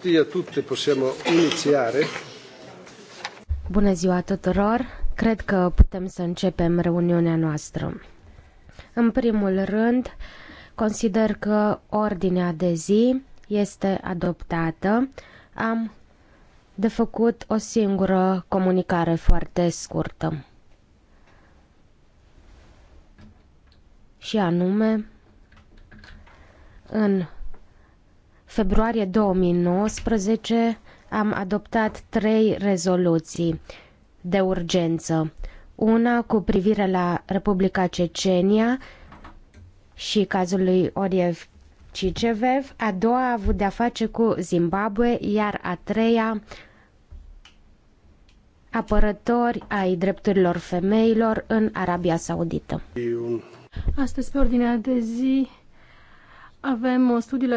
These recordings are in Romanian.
tutti e a tutte, possiamo iniziare. Bună ziua tuturor! Cred că putem să începem reuniunea noastră. În primul rând, consider că ordinea de zi este adoptată. Am de făcut o singură comunicare foarte scurtă. Și anume, în februarie 2019 am adoptat trei rezoluții de urgență. Una cu privire la Republica Cecenia și cazul lui Oriev Cicevev, a doua a avut de-a face cu Zimbabwe, iar a treia apărători ai drepturilor femeilor în Arabia Saudită. Astăzi, pe ordinea de zi, avem un studiu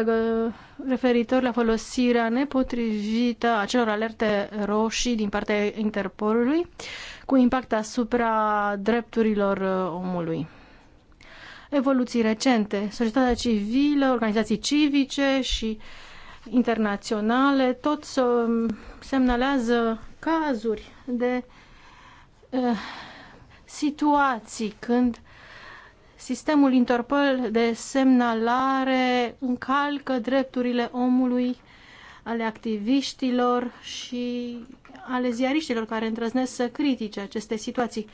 referitor la folosirea nepotrivită a celor alerte roșii din partea Interpolului cu impact asupra drepturilor uh, omului. Evoluții recente, societatea civilă, organizații civice și internaționale, tot um, semnalează cazuri de uh, situații când Sistemul Interpol de semnalare încalcă drepturile omului, ale activiștilor și ale ziariștilor care îndrăznesc să critique aceste situații.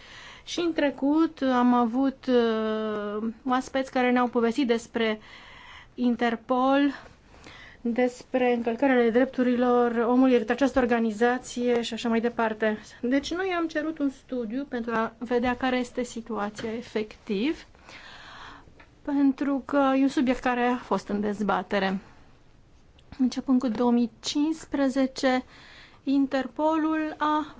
Și în trecut am avut uh, oaspeți care ne-au povestit despre Interpol, despre încălcările drepturilor omului, de această organizație și așa mai departe. Deci noi am cerut un studiu pentru a vedea care este situația efectiv pentru că e un subiect care a fost în dezbatere. Începând cu 2015, Interpolul a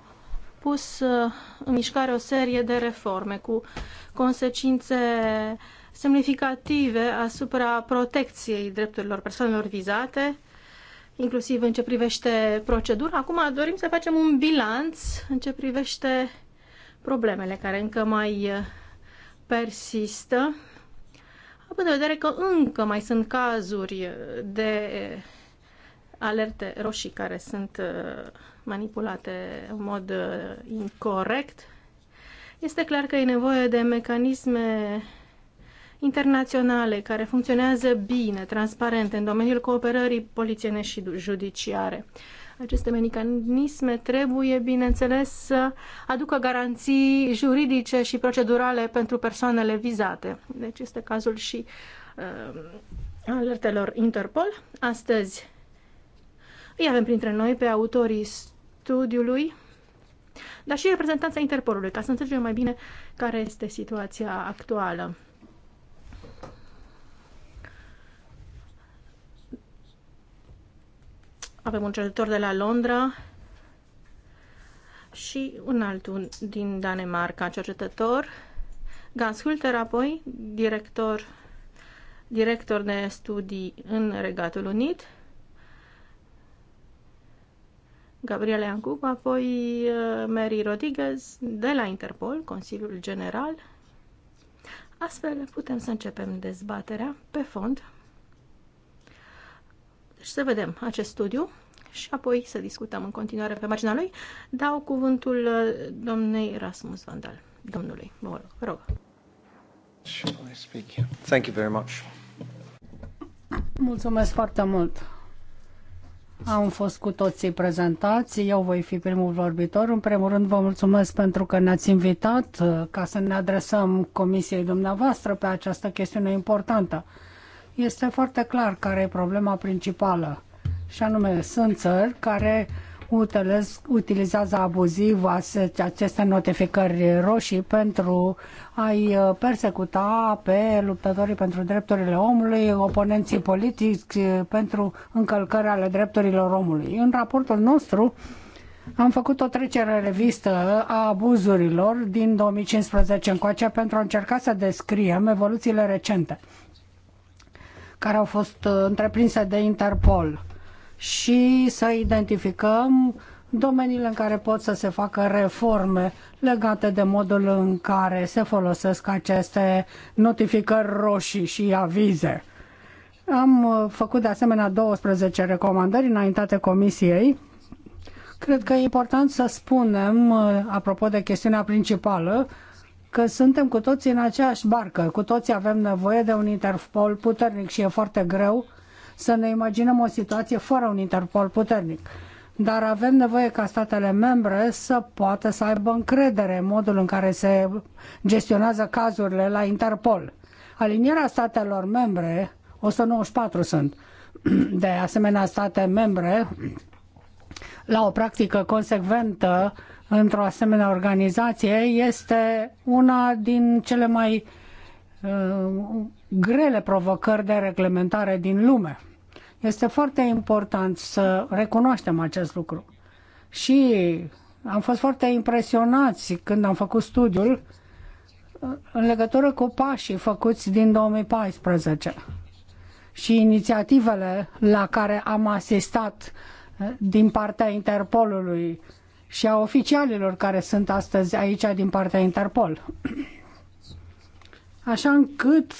pus uh, în mișcare o serie de reforme cu consecințe semnificative asupra protecției drepturilor persoanelor vizate, inclusiv în ce privește procedura. Acum dorim să facem un bilanț în ce privește problemele care încă mai uh, persistă având în vedere că încă mai sunt cazuri de alerte roșii care sunt uh, manipulate în mod uh, incorrect, este clar că e nevoie de mecanisme internaționale care funcționează bine, transparente, în domeniul cooperării polițiene și judiciare. Aceste mecanisme trebuie, bineînțeles, să aducă garanții juridice și procedurale pentru persoanele vizate. Deci este cazul și uh, alertelor Interpol. Astăzi îi avem printre noi pe autorii studiului, dar și reprezentanța Interpolului, ca să înțelegem mai bine care este situația actuală. Avem un cercetător de la Londra și un altul din Danemarca, cercetător. Gans Hulter, apoi director, director de studii în Regatul Unit. Gabriela Iancuc, apoi uh, Mary Rodriguez de la Interpol, Consiliul General. Astfel putem să începem dezbaterea pe fond deci să vedem acest studiu și apoi să discutăm în continuare pe marginea lui. Dau cuvântul uh, domnei Rasmus Vandal, domnului. Vă rog. rog. Thank you very much. Mulțumesc foarte mult. Am fost cu toții prezentați, eu voi fi primul vorbitor. În primul rând vă mulțumesc pentru că ne-ați invitat uh, ca să ne adresăm comisiei dumneavoastră pe această chestiune importantă este foarte clar care e problema principală. Și anume, sunt țări care utilizează abuziv aceste notificări roșii pentru a-i uh, persecuta pe luptătorii pentru drepturile omului, oponenții politici uh, pentru încălcări ale drepturilor omului. În raportul nostru am făcut o trecere revistă a abuzurilor din 2015 încoace pentru a încerca să descriem evoluțiile recente care au fost uh, întreprinse de Interpol și să identificăm domeniile în care pot să se facă reforme legate de modul în care se folosesc aceste notificări roșii și avize. Am uh, făcut de asemenea 12 recomandări înaintate comisiei. Cred că e important să spunem, uh, apropo de chestiunea principală, că suntem cu toții în aceeași barcă, cu toții avem nevoie de un Interpol puternic și e foarte greu să ne imaginăm o situație fără un Interpol puternic. Dar avem nevoie ca statele membre să poată să aibă încredere în modul în care se gestionează cazurile la Interpol. Alinierea statelor membre, 194 sunt, de asemenea state membre, la o practică consecventă într-o asemenea organizație este una din cele mai uh, grele provocări de reglementare din lume. Este foarte important să recunoaștem acest lucru. Și am fost foarte impresionați când am făcut studiul uh, în legătură cu pașii făcuți din 2014 și inițiativele la care am asistat uh, din partea Interpolului și a oficialilor care sunt astăzi aici din partea Interpol. Așa încât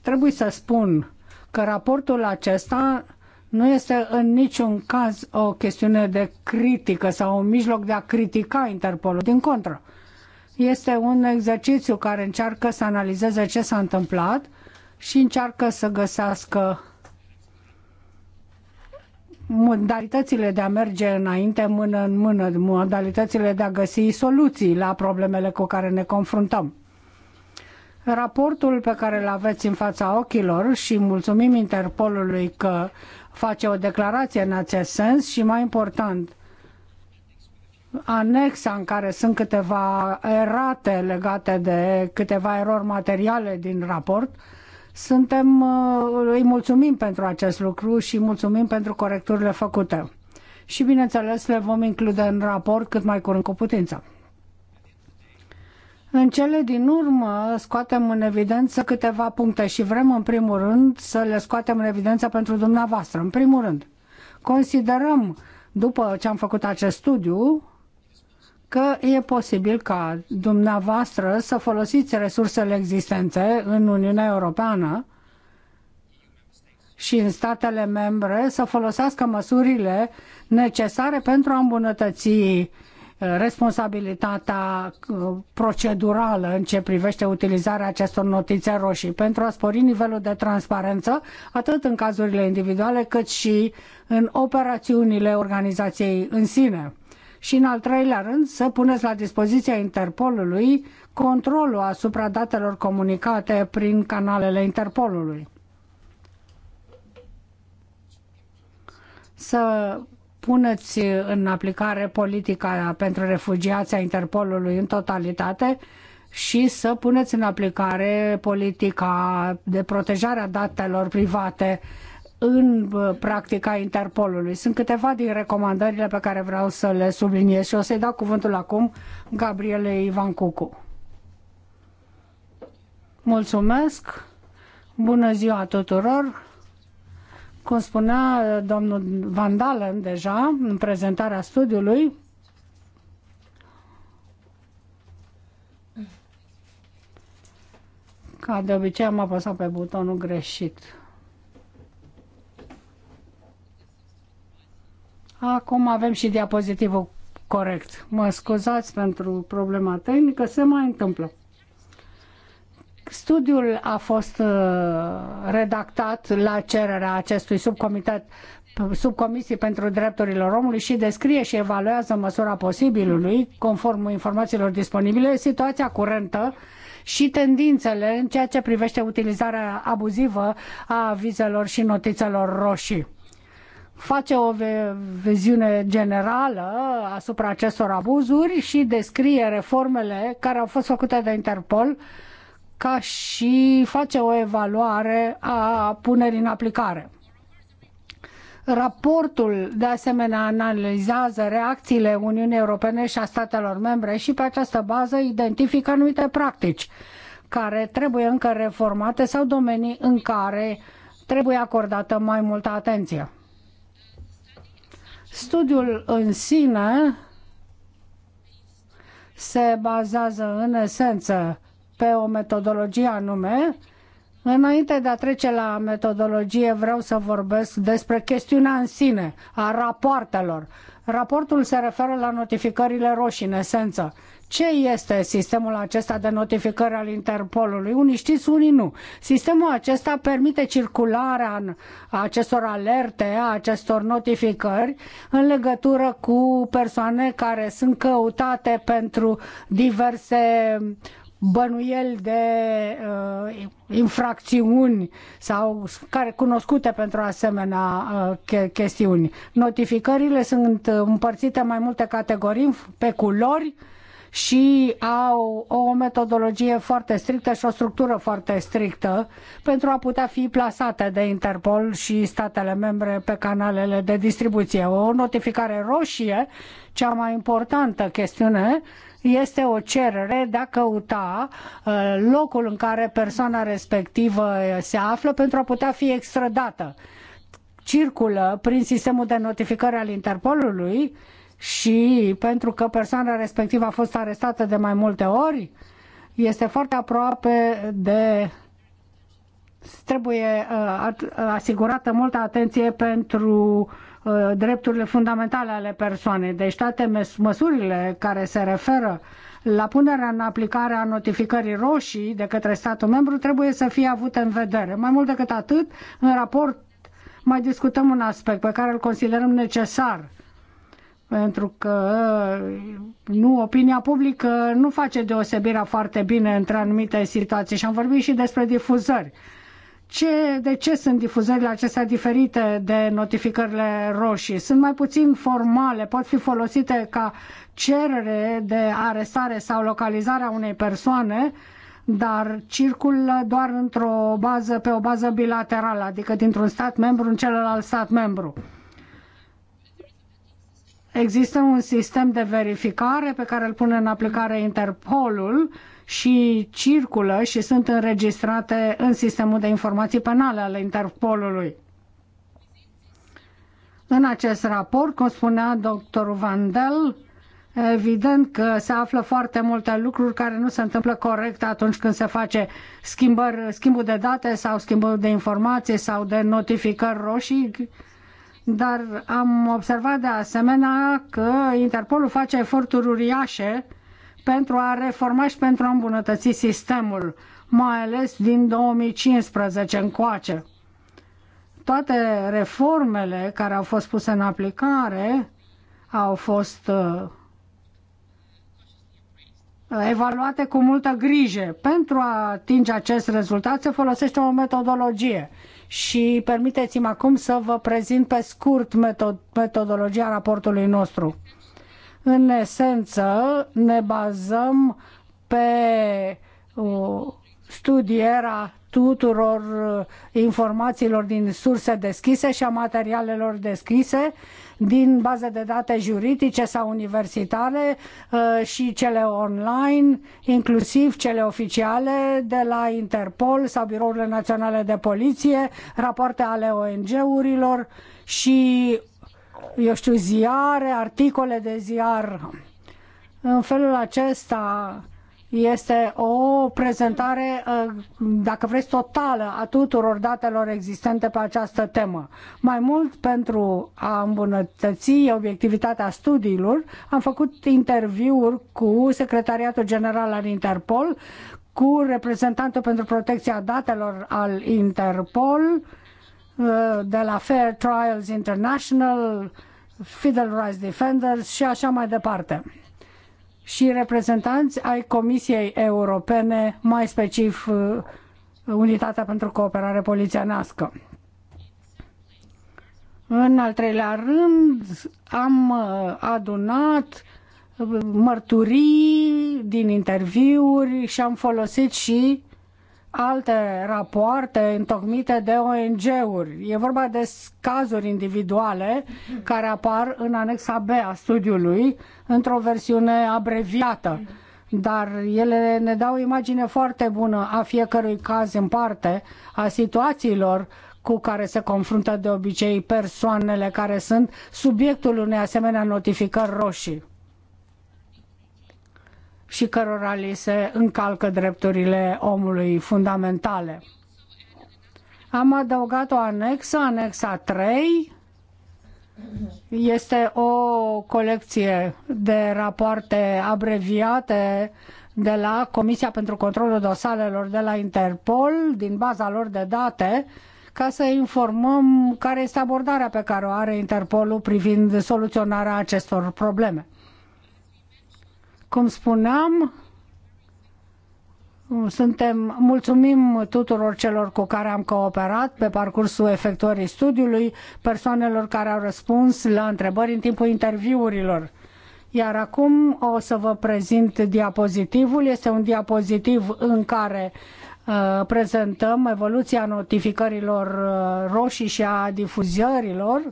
trebuie să spun că raportul acesta nu este în niciun caz o chestiune de critică sau un mijloc de a critica Interpolul. Din contră, este un exercițiu care încearcă să analizeze ce s-a întâmplat și încearcă să găsească modalitățile de a merge înainte mână în mână, modalitățile de a găsi soluții la problemele cu care ne confruntăm. Raportul pe care îl aveți în fața ochilor și mulțumim Interpolului că face o declarație în acest sens și mai important, anexa în care sunt câteva erate legate de câteva erori materiale din raport, uh, suntem, uh, îi mulțumim pentru acest lucru și mulțumim pentru corecturile făcute. Și bineînțeles le vom include în raport cât mai curând cu putință. În cele din urmă scoatem în evidență câteva puncte și vrem în primul rând să le scoatem în evidență pentru dumneavoastră. În primul rând, considerăm, după ce am făcut acest studiu, că e posibil ca dumneavoastră să folosiți resursele existente în Uniunea Europeană și în statele membre să folosească măsurile necesare pentru a îmbunătăți uh, responsabilitatea uh, procedurală în ce privește utilizarea acestor notițe roșii pentru a spori nivelul de transparență atât în cazurile individuale cât și în operațiunile organizației în sine și în al treilea rând să puneți la dispoziția Interpolului controlul asupra datelor comunicate prin canalele Interpolului. Să puneți în aplicare politica pentru refugiații a Interpolului în totalitate și să puneți în aplicare politica de protejare a datelor private în practica Interpolului. Sunt câteva din recomandările pe care vreau să le subliniez și o să-i dau cuvântul acum Gabrielei Ivan Cucu. Mulțumesc! Bună ziua tuturor! Cum spunea domnul Van Dalen deja în prezentarea studiului, ca de obicei am apăsat pe butonul greșit. Acum avem și diapozitivul corect. Mă scuzați pentru problema tehnică, se mai întâmplă. Studiul a fost uh, redactat la cererea acestui subcomitet subcomisii pentru drepturile omului și descrie și evaluează măsura posibilului, conform informațiilor disponibile, situația curentă și tendințele în ceea ce privește utilizarea abuzivă a vizelor și notițelor roșii face o viziune generală asupra acestor abuzuri și descrie reformele care au fost făcute de Interpol ca și face o evaluare a punerii în aplicare. Raportul, de asemenea, analizează reacțiile Uniunii Europene și a statelor membre și pe această bază identifică anumite practici care trebuie încă reformate sau domenii în care trebuie acordată mai multă atenție. Studiul în sine se bazează în esență pe o metodologie anume. Înainte de a trece la metodologie, vreau să vorbesc despre chestiunea în sine, a rapoartelor. Raportul se referă la notificările roșii, în esență. Ce este sistemul acesta de notificări al Interpolului? Unii știți, unii nu. Sistemul acesta permite circularea acestor alerte, a acestor notificări în legătură cu persoane care sunt căutate pentru diverse bănuieli de uh, infracțiuni sau care cunoscute pentru asemenea uh, chestiuni. Notificările sunt uh, împărțite în mai multe categorii pe culori și au o metodologie foarte strictă și o structură foarte strictă pentru a putea fi plasate de Interpol și statele membre pe canalele de distribuție. O notificare roșie, cea mai importantă chestiune, este o cerere de a căuta uh, locul în care persoana respectivă se află pentru a putea fi extradată. Circulă prin sistemul de notificare al Interpolului și pentru că persoana respectivă a fost arestată de mai multe ori, este foarte aproape de trebuie uh, asigurată multă atenție pentru Uh, drepturile fundamentale ale persoanei. Deci toate măsurile care se referă la punerea în aplicare a notificării roșii de către statul membru trebuie să fie avute în vedere. Mai mult decât atât, în raport mai discutăm un aspect pe care îl considerăm necesar pentru că uh, nu opinia publică nu face deosebirea foarte bine între anumite situații și am vorbit și despre difuzări. Ce, de ce sunt difuzările acestea diferite de notificările roșii? Sunt mai puțin formale, pot fi folosite ca cerere de arestare sau localizare a unei persoane, dar circulă doar într-o bază, pe o bază bilaterală, adică dintr-un stat membru în celălalt stat membru. Există un sistem de verificare pe care îl pune în aplicare Interpolul, uh, și circulă și sunt înregistrate în sistemul de informații penale ale Interpolului. În acest raport, cum spunea doctorul Vandel, Evident că se află foarte multe lucruri care nu se întâmplă corect atunci când se face schimbări, schimbul de date sau schimbul de informații sau de notificări roșii, dar am observat de asemenea că Interpolul face eforturi uriașe pentru a reforma și pentru a îmbunătăți sistemul, mai ales din 2015 încoace. Toate reformele care au fost puse în aplicare au fost uh, evaluate cu multă grijă. Pentru a atinge acest rezultat se folosește o metodologie și permiteți-mi acum să vă prezint pe scurt metodologia raportului nostru. În esență, ne bazăm pe uh, studierea tuturor uh, informațiilor din surse deschise și a materialelor deschise din baze de date juridice sau universitare uh, și cele online, inclusiv cele oficiale de la Interpol sau Birourile Naționale de Poliție, rapoarte ale ONG-urilor și eu știu, ziare, articole de ziar. În felul acesta este o prezentare, uh, dacă vreți, totală a tuturor datelor existente pe această temă. Mai mult, pentru a îmbunătăți obiectivitatea studiilor, am făcut interviuri cu Secretariatul General al Interpol, cu reprezentantul pentru protecția datelor al Interpol, Uh, de la Fair Trials International, Fidel Rights Defenders și așa mai departe. Și reprezentanți ai Comisiei Europene, mai specific uh, Unitatea pentru Cooperare Polițienească. În al treilea rând, am uh, adunat mărturii din interviuri și am folosit și alte rapoarte întocmite de ONG-uri. E vorba de cazuri individuale care apar în anexa B a studiului într-o versiune abreviată, dar ele ne dau o imagine foarte bună a fiecărui caz în parte, a situațiilor cu care se confruntă de obicei persoanele care sunt subiectul unei asemenea notificări roșii și cărora li se încalcă drepturile omului fundamentale. Am adăugat o anexă, anexa 3. Este o colecție de rapoarte abreviate de la Comisia pentru Controlul Dosarelor de la Interpol, din baza lor de date, ca să informăm care este abordarea pe care o are Interpolul privind soluționarea acestor probleme. Cum spuneam, suntem mulțumim tuturor celor cu care am cooperat pe parcursul efectuării studiului, persoanelor care au răspuns la întrebări în timpul interviurilor. Iar acum o să vă prezint diapozitivul. Este un diapozitiv în care uh, prezentăm evoluția notificărilor uh, roșii și a difuzărilor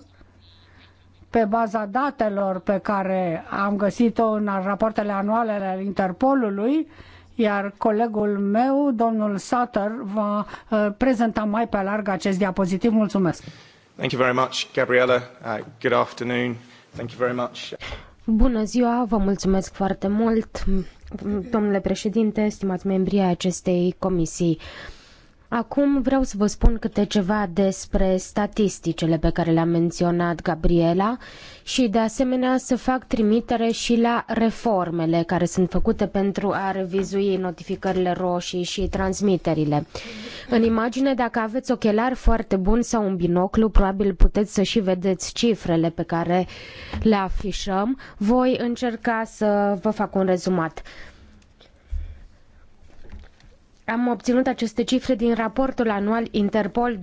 pe baza datelor pe care am găsit-o în rapoartele anuale ale Interpolului, iar colegul meu, domnul Sutter, va uh, prezenta mai pe larg acest diapozitiv. Mulțumesc! Thank you very much, Gabriela. Uh, good afternoon. Thank you very much. Bună ziua, vă mulțumesc foarte mult, domnule președinte, stimați membri ai acestei comisii. Uh, Acum vreau să vă spun câte ceva despre statisticele pe care le-a menționat Gabriela și de asemenea să fac trimitere și la reformele care sunt făcute pentru a revizui notificările roșii și transmiterile. În imagine, dacă aveți ochelari foarte bun sau un binoclu, probabil puteți să și vedeți cifrele pe care le afișăm. Voi încerca să vă fac un rezumat. Am obținut aceste cifre din raportul anual Interpol 2016-2017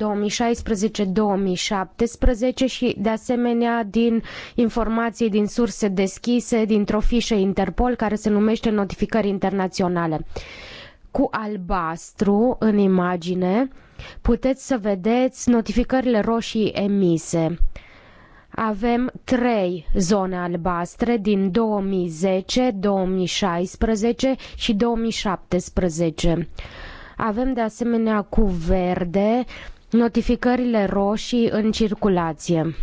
și, de asemenea, din informații din surse deschise, dintr-o fișă Interpol care se numește Notificări Internaționale. Cu albastru în imagine puteți să vedeți notificările roșii emise avem trei zone albastre din 2010, 2016 și 2017. Avem de asemenea cu verde notificările roșii în circulație.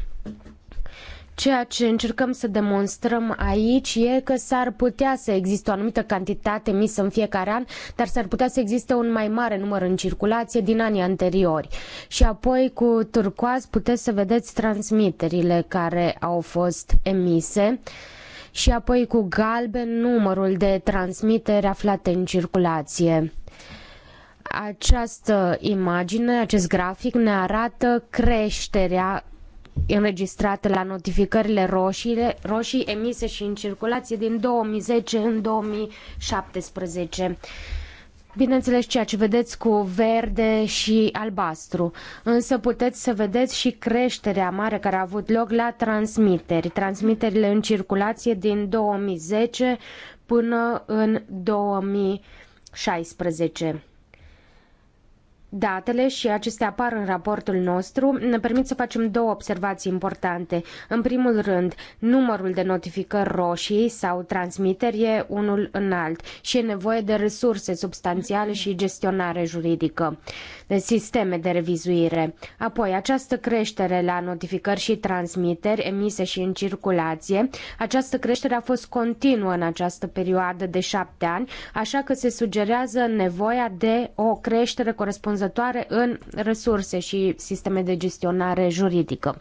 Ceea ce încercăm să demonstrăm aici e că s-ar putea să existe o anumită cantitate misă în fiecare an, dar s-ar putea să existe un mai mare număr în circulație din anii anteriori. Și apoi cu turcoaz puteți să vedeți transmiterile care au fost emise și apoi cu galben numărul de transmiteri aflate în circulație această imagine, acest grafic ne arată creșterea înregistrate la notificările roșiile, roșii emise și în circulație din 2010 în 2017. Bineînțeles, ceea ce vedeți cu verde și albastru, însă puteți să vedeți și creșterea mare care a avut loc la transmiteri, transmiterile în circulație din 2010 până în 2016. Datele, și acestea apar în raportul nostru, ne permit să facem două observații importante. În primul rând, numărul de notificări roșii sau transmiteri e unul înalt și e nevoie de resurse substanțiale și gestionare juridică, de sisteme de revizuire. Apoi, această creștere la notificări și transmiteri emise și în circulație, această creștere a fost continuă în această perioadă de șapte ani, așa că se sugerează nevoia de o creștere corespunzătoare corespunzătoare în resurse și sisteme de gestionare juridică.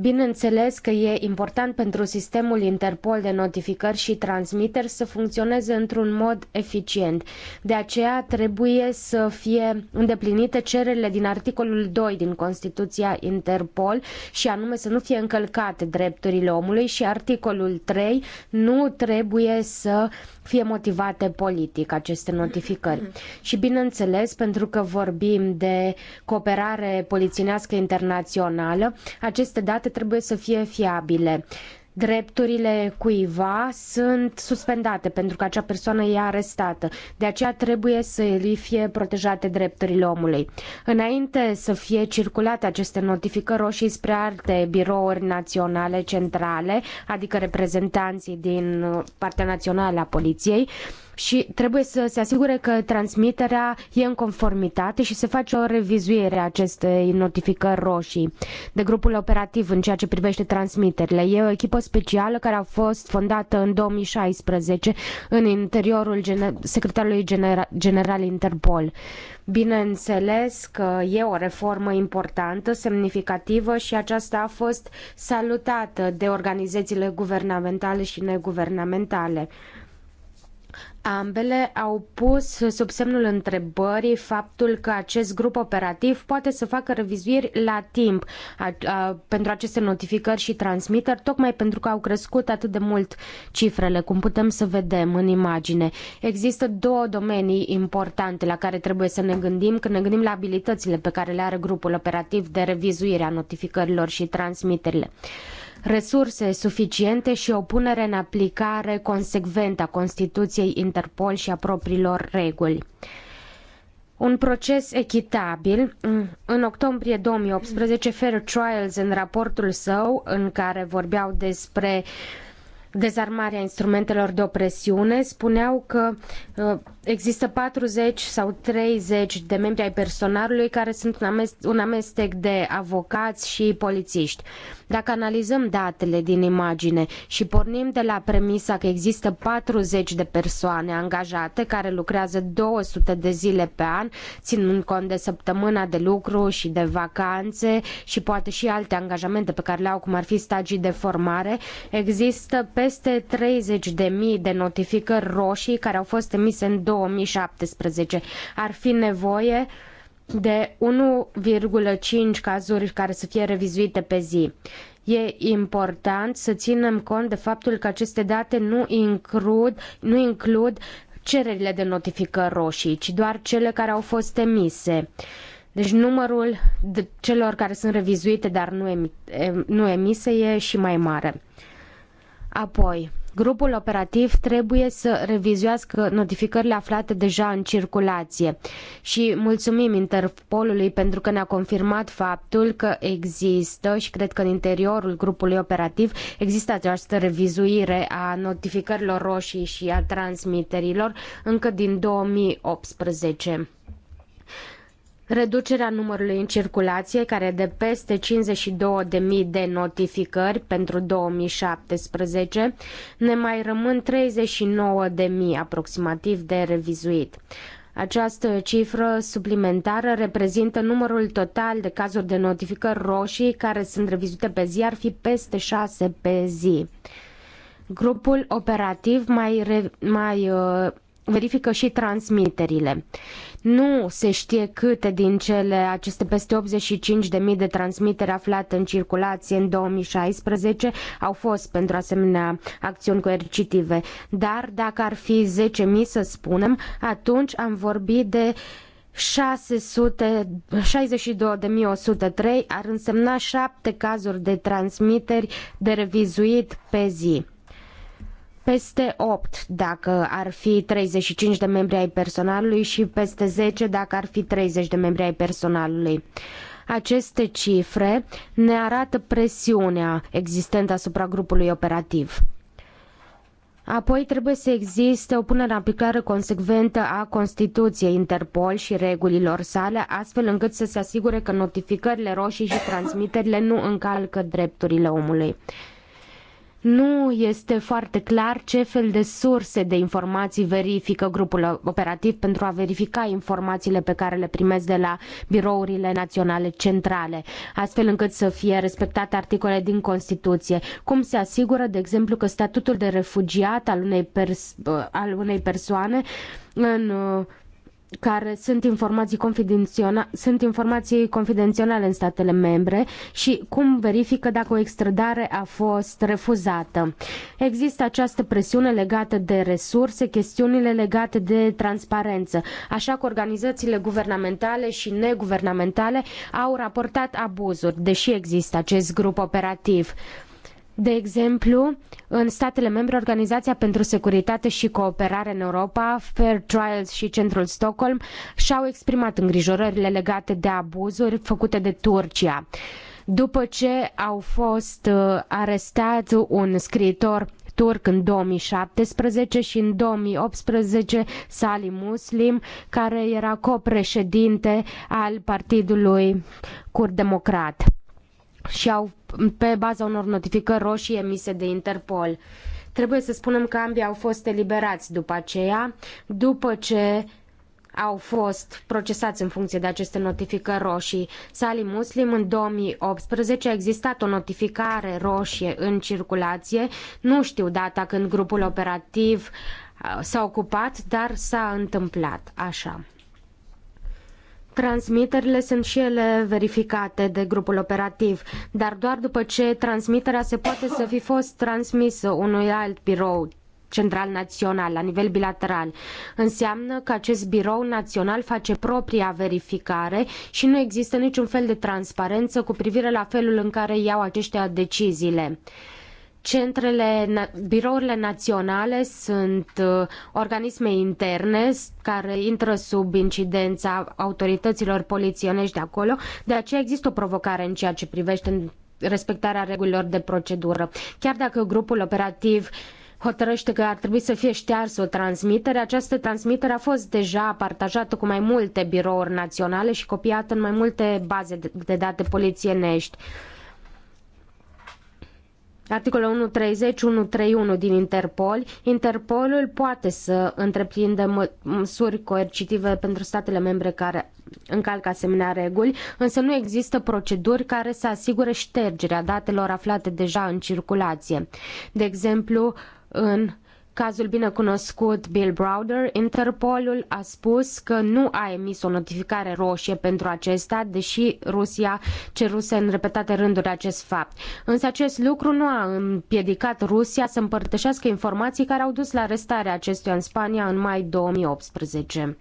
Bineînțeles că e important pentru sistemul Interpol de notificări și transmiteri să funcționeze într-un mod eficient. De aceea trebuie să fie îndeplinite cererile din articolul 2 din Constituția Interpol și anume să nu fie încălcate drepturile omului și articolul 3 nu trebuie să uh, fie motivate politic aceste notificări. Și bineînțeles, pentru că vorbim de cooperare polițienească internațională, aceste date trebuie să fie fiabile drepturile cuiva sunt suspendate pentru că acea persoană e arestată. De aceea trebuie să îi fie protejate drepturile omului. Înainte să fie circulate aceste notificări roșii spre alte birouri naționale centrale, adică reprezentanții din partea națională a poliției, și trebuie să se asigure că transmiterea e în conformitate și se face o revizuire a acestei notificări roșii de grupul operativ în ceea ce privește transmiterile. E o echipă specială care a fost fondată în 2016 în interiorul gener- secretarului genera- general Interpol. Bineînțeles că e o reformă importantă, semnificativă și aceasta a fost salutată de organizațiile guvernamentale și neguvernamentale. Ambele au pus sub semnul întrebării faptul că acest grup operativ poate să facă revizuiri la timp a, a, pentru aceste notificări și transmiteri, tocmai pentru că au crescut atât de mult cifrele, cum putem să vedem în imagine. Există două domenii importante la care trebuie să ne gândim când ne gândim la abilitățile pe care le are grupul operativ de revizuire a notificărilor și transmiterile resurse suficiente și o punere în aplicare consecventă a Constituției Interpol și a propriilor reguli un proces echitabil. În octombrie 2018, Fair Trials, în raportul său, în care vorbeau despre dezarmarea instrumentelor de opresiune, spuneau că uh, există 40 sau 30 de membri ai personalului care sunt un amestec de avocați și polițiști. Dacă analizăm datele din imagine și pornim de la premisa că există 40 de persoane angajate care lucrează 200 de zile pe an, ținând cont de săptămâna de lucru și de vacanțe și poate și alte angajamente pe care le au, cum ar fi stagii de formare, există pe peste 30.000 de notificări roșii care au fost emise în 2017. Ar fi nevoie de 1,5 cazuri care să fie revizuite pe zi. E important să ținem cont de faptul că aceste date nu includ, nu includ cererile de notificări roșii, ci doar cele care au fost emise. Deci numărul de celor care sunt revizuite, dar nu, emise, e și mai mare. Apoi, Grupul operativ trebuie să revizuiască notificările aflate deja în circulație și mulțumim Interpolului pentru că ne-a confirmat faptul că există și cred că în interiorul grupului operativ există această revizuire a notificărilor roșii și a transmiterilor încă din 2018. Reducerea numărului în circulație, care de peste 52.000 de notificări pentru 2017, ne mai rămân 39.000 aproximativ de revizuit. Această cifră suplimentară reprezintă numărul total de cazuri de notificări roșii care sunt revizuite pe zi, ar fi peste 6 pe zi. Grupul operativ mai, re, mai uh, verifică și transmiterile. Nu se știe câte din cele aceste peste 85.000 de transmitere aflate în circulație în 2016 au fost pentru asemenea acțiuni coercitive, dar dacă ar fi 10.000 să spunem, atunci am vorbit de 662.103 ar însemna 7 cazuri de transmiteri de revizuit pe zi peste 8 dacă ar fi 35 de membri ai personalului și peste 10 dacă ar fi 30 de membri ai personalului. Aceste cifre ne arată presiunea existentă asupra grupului operativ. Apoi trebuie să existe o punere în aplicare consecventă a Constituției Interpol și regulilor sale, astfel încât să se asigure că notificările roșii și transmiterile nu încalcă drepturile omului nu este foarte clar ce fel de surse de informații verifică grupul operativ pentru a verifica informațiile pe care le primesc de la birourile naționale centrale, astfel încât să fie respectate articole din Constituție. Cum se asigură, de exemplu, că statutul de refugiat al unei, pers- al unei persoane în uh, care sunt informații, sunt informații confidenționale în statele membre și cum verifică dacă o extradare a fost refuzată. Există această presiune legată de resurse, chestiunile legate de transparență, așa că organizațiile guvernamentale și neguvernamentale au raportat abuzuri, deși există acest grup operativ. De exemplu, în statele membre, Organizația pentru Securitate și Cooperare în Europa, Fair Trials și Centrul Stockholm și-au exprimat îngrijorările legate de abuzuri făcute de Turcia. După ce au fost uh, arestat un scriitor turc în 2017 și în 2018 Sali Muslim, care era copreședinte al Partidului Cur Democrat și au pe baza unor notificări roșii emise de Interpol. Trebuie să spunem că ambii au fost eliberați după aceea, după ce au fost procesați în funcție de aceste notificări roșii. Sali Muslim în 2018 a existat o notificare roșie în circulație. Nu știu data când grupul operativ uh, s-a ocupat, dar s-a întâmplat așa. Transmiterile sunt și ele verificate de grupul operativ, dar doar după ce transmiterea se poate să fi fost transmisă unui alt birou central național, la nivel bilateral. Înseamnă că acest birou național face propria verificare și nu există niciun fel de transparență cu privire la felul în care iau aceștia deciziile. Centrele, birourile naționale sunt uh, organisme interne care intră sub incidența autorităților polițienești de acolo, de aceea există o provocare în ceea ce privește respectarea regulilor de procedură. Chiar dacă grupul operativ hotărăște că ar trebui să fie ștearsă o transmitere, această transmitere a fost deja partajată cu mai multe birouri naționale și copiată în mai multe baze de date polițienești. Articolul 130-131 din Interpol, Interpolul poate să întreprindă măsuri coercitive pentru statele membre care încalcă asemenea reguli, însă nu există proceduri care să asigure ștergerea datelor aflate deja în circulație. De exemplu, în Cazul binecunoscut Bill Browder, Interpolul a spus că nu a emis o notificare roșie pentru acesta, deși Rusia ceruse în repetate rânduri acest fapt. Însă acest lucru nu a împiedicat Rusia să împărtășească informații care au dus la arestarea acestuia în Spania în mai 2018.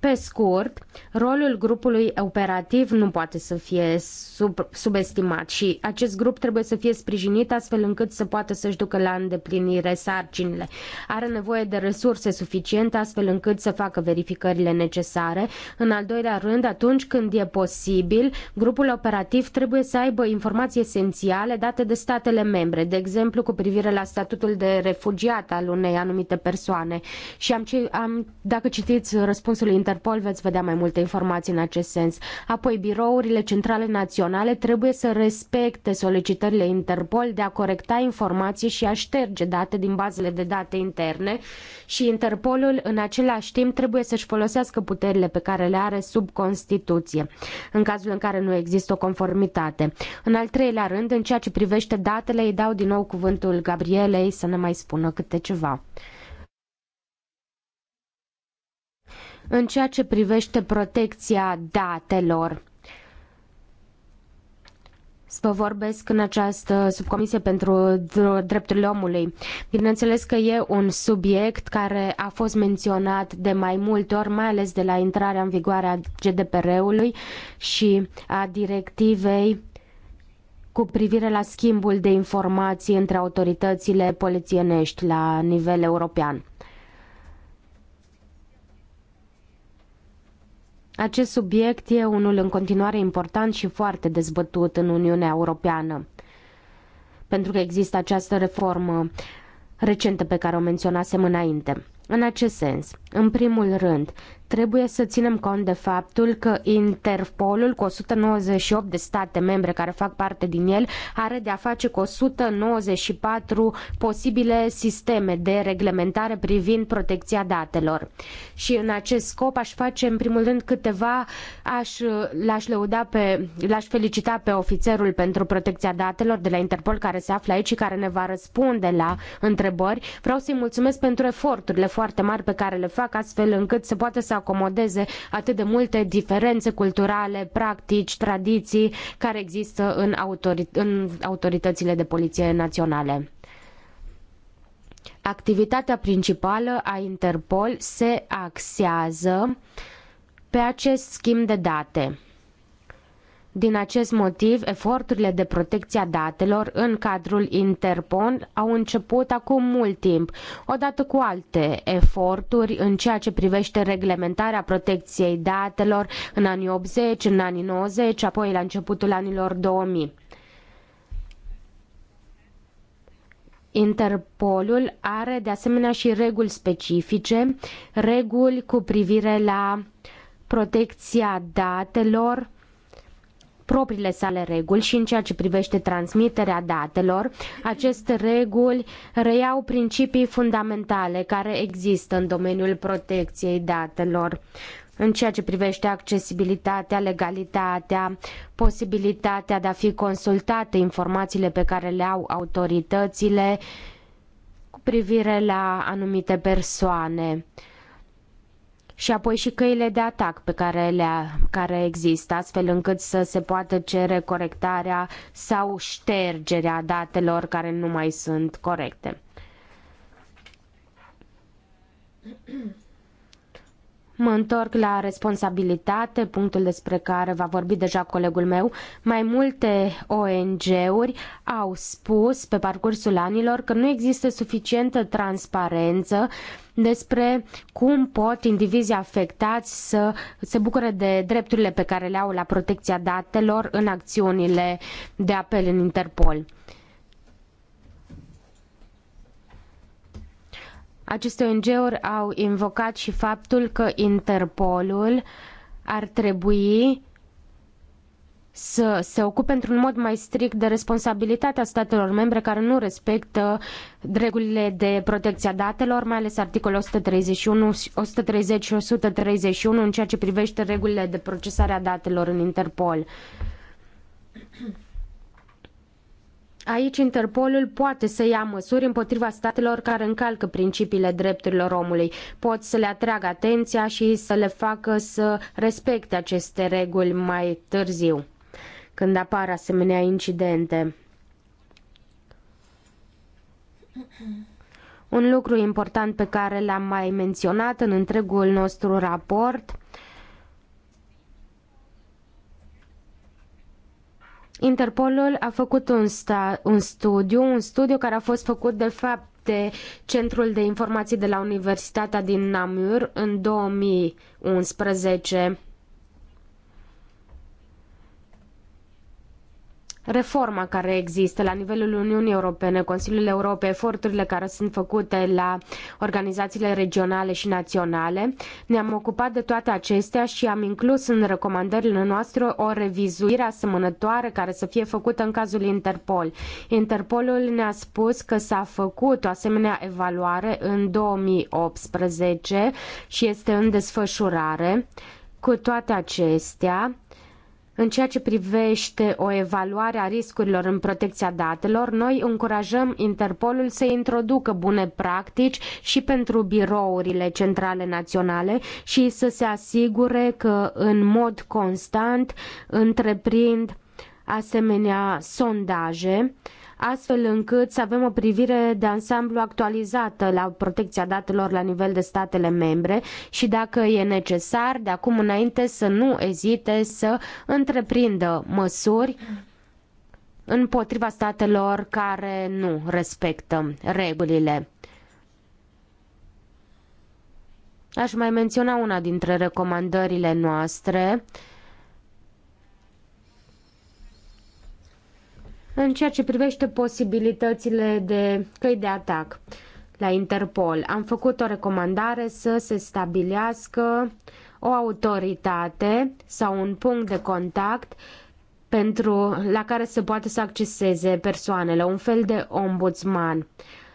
Pe scurt, rolul grupului operativ nu poate să fie sub, subestimat și acest grup trebuie să fie sprijinit astfel încât să poată să-și ducă la îndeplinire sarcinile. Are nevoie de resurse suficiente astfel încât să facă verificările necesare. În al doilea rând, atunci când e posibil, grupul operativ trebuie să aibă informații esențiale date de statele membre, de exemplu cu privire la statutul de refugiat al unei anumite persoane. Și am, am dacă citiți răspunsul inter- Interpol veți vedea mai multe informații în acest sens. Apoi, birourile centrale naționale trebuie să respecte solicitările Interpol de a corecta informații și a șterge date din bazele de date interne și Interpolul în același timp trebuie să-și folosească puterile pe care le are sub Constituție, în cazul în care nu există o conformitate. În al treilea rând, în ceea ce privește datele, îi dau din nou cuvântul Gabrielei să ne mai spună câte ceva. în ceea ce privește protecția datelor. vă vorbesc în această subcomisie pentru drepturile omului. Bineînțeles că e un subiect care a fost menționat de mai multe ori, mai ales de la intrarea în vigoare a GDPR-ului și a directivei cu privire la schimbul de informații între autoritățile polițienești la nivel european. Acest subiect e unul în continuare important și foarte dezbătut în Uniunea Europeană, pentru că există această reformă recentă pe care o menționasem înainte. În acest sens, în primul rând, Trebuie să ținem cont de faptul că Interpolul cu 198 de state membre care fac parte din el are de a face cu 194 posibile sisteme de reglementare privind protecția datelor. Și în acest scop aș face în primul rând câteva, aș, l-aș, lăuda pe, l-aș felicita pe ofițerul pentru protecția datelor de la Interpol care se află aici și care ne va răspunde la întrebări. Vreau să-i mulțumesc pentru eforturile foarte mari pe care le fac astfel încât să poată să acomodeze atât de multe diferențe culturale, practici, tradiții care există în, autori- în autoritățile de poliție naționale. Activitatea principală a Interpol se axează pe acest schimb de date din acest motiv, eforturile de protecție a datelor în cadrul Interpol au început acum mult timp, odată cu alte eforturi în ceea ce privește reglementarea protecției datelor în anii 80, în anii 90, apoi la începutul anilor 2000. Interpolul are de asemenea și reguli specifice, reguli cu privire la protecția datelor, propriile sale reguli și în ceea ce privește transmiterea datelor, aceste reguli reiau principii fundamentale care există în domeniul protecției datelor în ceea ce privește accesibilitatea, legalitatea, posibilitatea de a fi consultate informațiile pe care le au autoritățile cu privire la anumite persoane și apoi și căile de atac pe care, le care există, astfel încât să se poată cere corectarea sau ștergerea datelor care nu mai sunt corecte. Mă întorc la responsabilitate, punctul despre care va vorbi deja colegul meu. Mai multe ONG-uri au spus pe parcursul anilor că nu există suficientă transparență uh, despre cum pot indivizii afectați să se bucure de drepturile pe care le au la protecția datelor în acțiunile de apel în Interpol. Aceste ONG-uri au invocat și faptul că Interpolul ar trebui să se ocupe într-un mod mai strict de responsabilitatea statelor membre care nu respectă regulile de protecție a datelor, mai ales articolul 131, 130 și 131 în ceea ce privește regulile de procesare a datelor în Interpol. Aici Interpolul poate să ia măsuri împotriva statelor care încalcă principiile drepturilor omului. Pot să le atragă atenția și să le facă să respecte aceste reguli mai târziu când apar asemenea incidente. Un lucru important pe care l-am mai menționat în întregul nostru raport Interpolul a făcut un, sta, un studiu, un studiu care a fost făcut de fapt de Centrul de Informații de la Universitatea din Namur în 2011. reforma care există la nivelul Uniunii Europene, Consiliul Europei, eforturile care sunt făcute la organizațiile regionale și naționale. Ne-am ocupat de toate acestea și am inclus în recomandările noastre o revizuire asemănătoare care să fie făcută în cazul Interpol. Interpolul ne-a spus că s-a făcut o asemenea evaluare în 2018 și este în desfășurare. Cu toate acestea, în ceea ce privește o evaluare a riscurilor în protecția datelor, noi încurajăm Interpolul să introducă bune practici și pentru birourile centrale naționale și să se asigure că în mod constant întreprind asemenea sondaje astfel încât să avem o privire de ansamblu actualizată la protecția datelor la nivel de statele membre și dacă e necesar, de acum înainte să nu ezite să întreprindă măsuri împotriva statelor care nu respectă regulile. Aș mai menționa una dintre recomandările noastre în ceea ce privește posibilitățile de căi de atac la Interpol. Am făcut o recomandare să se stabilească o autoritate sau un punct de contact pentru, la care se poate să acceseze persoanele, un fel de ombudsman.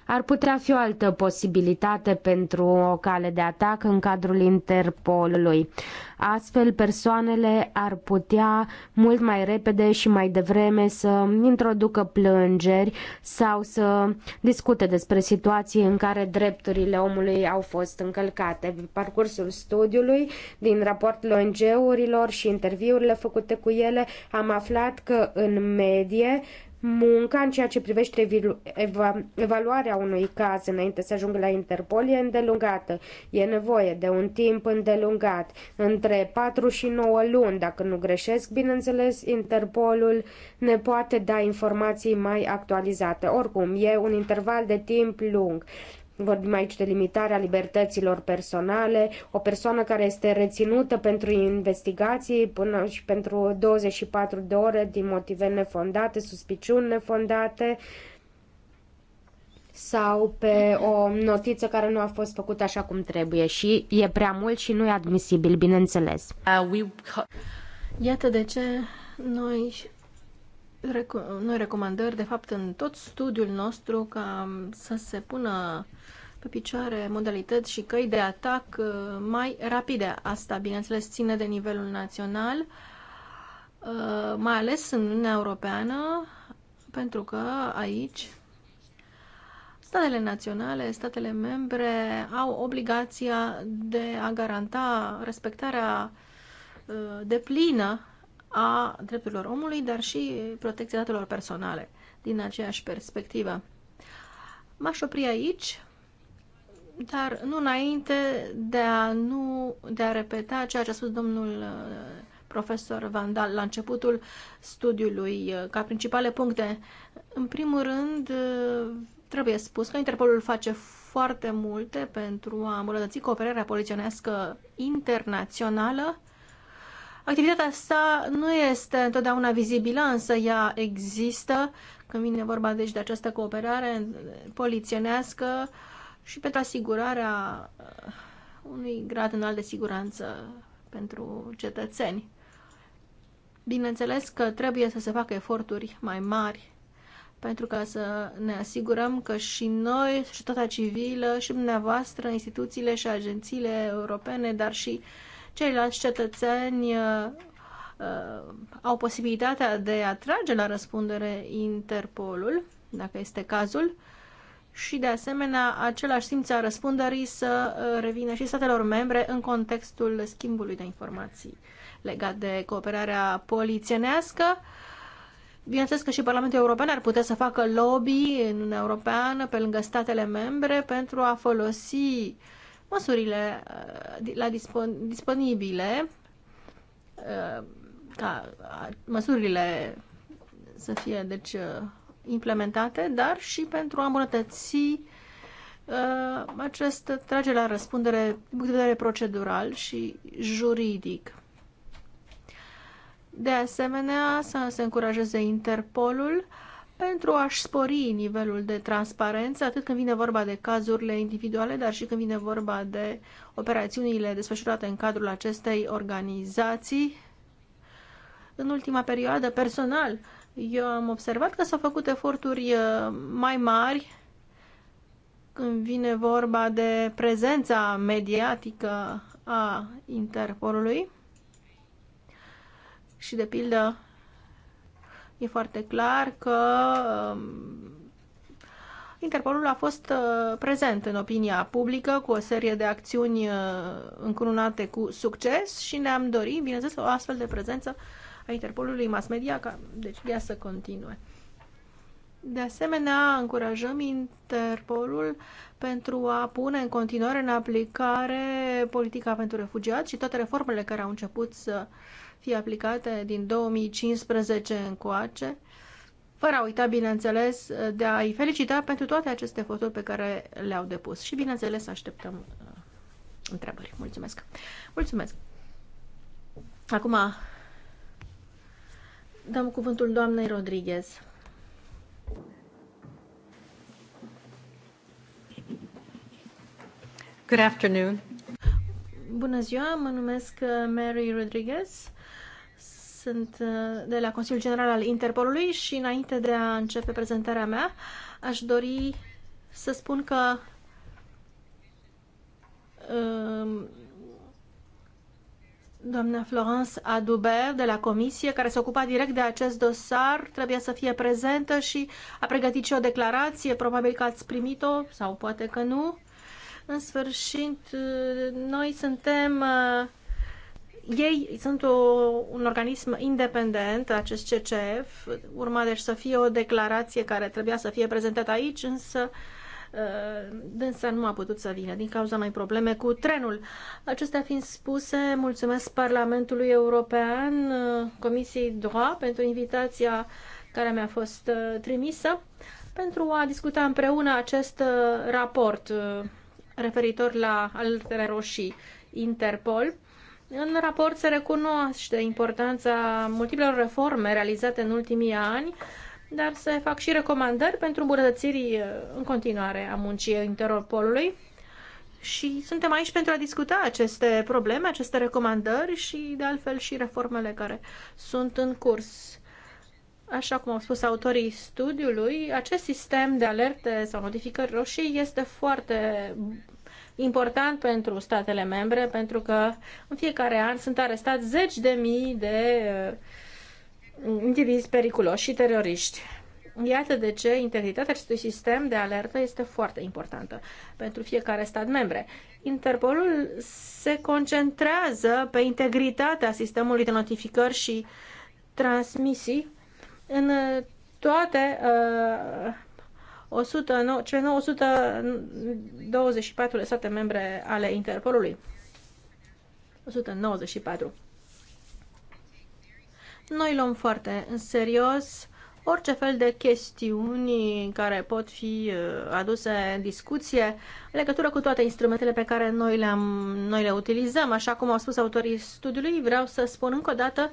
Ar putea fi o altă posibilitate pentru o cale de atac în cadrul Interpolului. Astfel, persoanele ar putea mult mai repede și mai devreme să introducă plângeri sau să discute despre situații în care drepturile omului au fost încălcate. Pe parcursul studiului, din raportul ONG-urilor și interviurile făcute cu ele, am aflat că în medie munca în ceea ce privește evaluarea unui caz înainte să ajungă la Interpol e îndelungată. E nevoie de un timp îndelungat, între 4 și 9 luni, dacă nu greșesc, bineînțeles, Interpolul ne poate da informații mai actualizate. Oricum, e un interval de timp lung. Vorbim aici de limitarea libertăților personale, o persoană care este reținută pentru investigații până și pentru 24 de ore din motive nefondate, suspiciuni nefondate sau pe o notiță care nu a fost făcută așa cum trebuie și e prea mult și nu e admisibil, bineînțeles. Uh, Iată de ce noi noi recomandări, de fapt, în tot studiul nostru ca să se pună pe picioare modalități și căi de atac uh, mai rapide. Asta, bineînțeles, ține de nivelul național, uh, mai ales în Uniunea Europeană, pentru că aici statele naționale, statele membre au obligația de a garanta respectarea uh, deplină a drepturilor omului, dar și protecția datelor personale din aceeași perspectivă. M-aș opri aici, dar nu înainte de a, nu, de a repeta ceea ce a spus domnul uh, profesor Vandal la începutul studiului uh, ca principale puncte. În primul rând, uh, trebuie spus că Interpolul face foarte multe pentru a îmbunătăți cooperarea poliționească internațională Activitatea sa nu este întotdeauna vizibilă, însă ea există când vine vorba deci de această cooperare polițienească și pentru asigurarea uh, unui grad înalt de siguranță pentru cetățeni. Bineînțeles că trebuie să se facă eforturi mai mari pentru ca să ne asigurăm că și noi, și toată civilă, și dumneavoastră, instituțiile și agențiile europene, dar și uh, ceilalți cetățeni uh, uh, au posibilitatea de a trage la răspundere Interpolul, dacă este cazul, și de asemenea același simț a răspunderii să uh, revină și statelor membre în contextul schimbului de informații legat de cooperarea polițienească. Bineînțeles că și Parlamentul European ar putea să facă lobby în Uniunea Europeană pe lângă statele membre pentru a folosi măsurile uh, la dispon, disponibile uh, ca uh, măsurile să fie deci implementate, dar și pentru a îmbunătăți uh, acest trage la răspundere din punct de vedere procedural și juridic. De asemenea, să se încurajeze Interpolul pentru a-și spori nivelul de transparență, atât când vine vorba de cazurile individuale, dar și când vine vorba de operațiunile desfășurate în cadrul acestei organizații. În ultima perioadă, personal, eu am observat că s-au făcut eforturi uh, mai mari când vine vorba de prezența mediatică a Interpolului și, de pildă, E foarte clar că um, Interpolul a fost uh, prezent în opinia publică cu o serie de acțiuni uh, încununate cu succes și ne-am dorit, bineînțeles, o astfel de prezență a Interpolului mass media, ca, deci ea să continue. De asemenea, încurajăm Interpolul pentru a pune în continuare în aplicare politica pentru refugiați și toate reformele care au început să uh, fi aplicate din 2015 încoace, fără a uita, bineînțeles, de a-i felicita pentru toate aceste eforturi pe care le-au depus. Și, bineînțeles, așteptăm uh, întrebări. Mulțumesc! Mulțumesc! Acum dăm cuvântul doamnei Rodriguez. Good afternoon. Bună ziua, mă numesc uh, Mary Rodriguez sunt uh, de la Consiliul General al Interpolului și înainte de a începe prezentarea mea, aș dori să spun că um, doamna Florence Aduber de la Comisie, care se ocupa direct de acest dosar, trebuie să fie prezentă și a pregătit și o declarație, probabil că ați primit-o sau poate că nu. În sfârșit, uh, noi suntem uh, ei sunt o, un organism independent, acest CCF, urma deci să fie o declarație care trebuia să fie prezentată aici, însă dânsa uh, nu a putut să vină din cauza unei probleme cu trenul. Acestea fiind spuse, mulțumesc Parlamentului European, uh, Comisiei DROA, pentru invitația care mi-a fost uh, trimisă pentru a discuta împreună acest raport referitor la altele roșii Interpol în raport se recunoaște importanța multiplelor reforme realizate în ultimii ani, dar se fac și recomandări pentru îmbunătățirii uh, în continuare a muncii Interpolului. Și suntem aici pentru a discuta aceste probleme, aceste recomandări și, de altfel, și reformele care sunt în curs. Așa cum au spus autorii studiului, acest sistem de alerte sau notificări roșii este foarte important pentru statele membre, pentru că în fiecare an sunt arestați zeci de mii de uh, indivizi periculoși și teroriști. Iată de ce integritatea acestui sistem de alertă este foarte importantă pentru fiecare stat membre. Interpolul se concentrează pe integritatea sistemului de notificări și transmisii în toate uh, 109, cele 924 de state membre ale Interpolului. 194. Noi luăm foarte în serios orice fel de chestiuni care pot fi uh, aduse în discuție în legătură cu toate instrumentele pe care noi le, noi le utilizăm. Așa cum au spus autorii studiului, vreau să spun încă o dată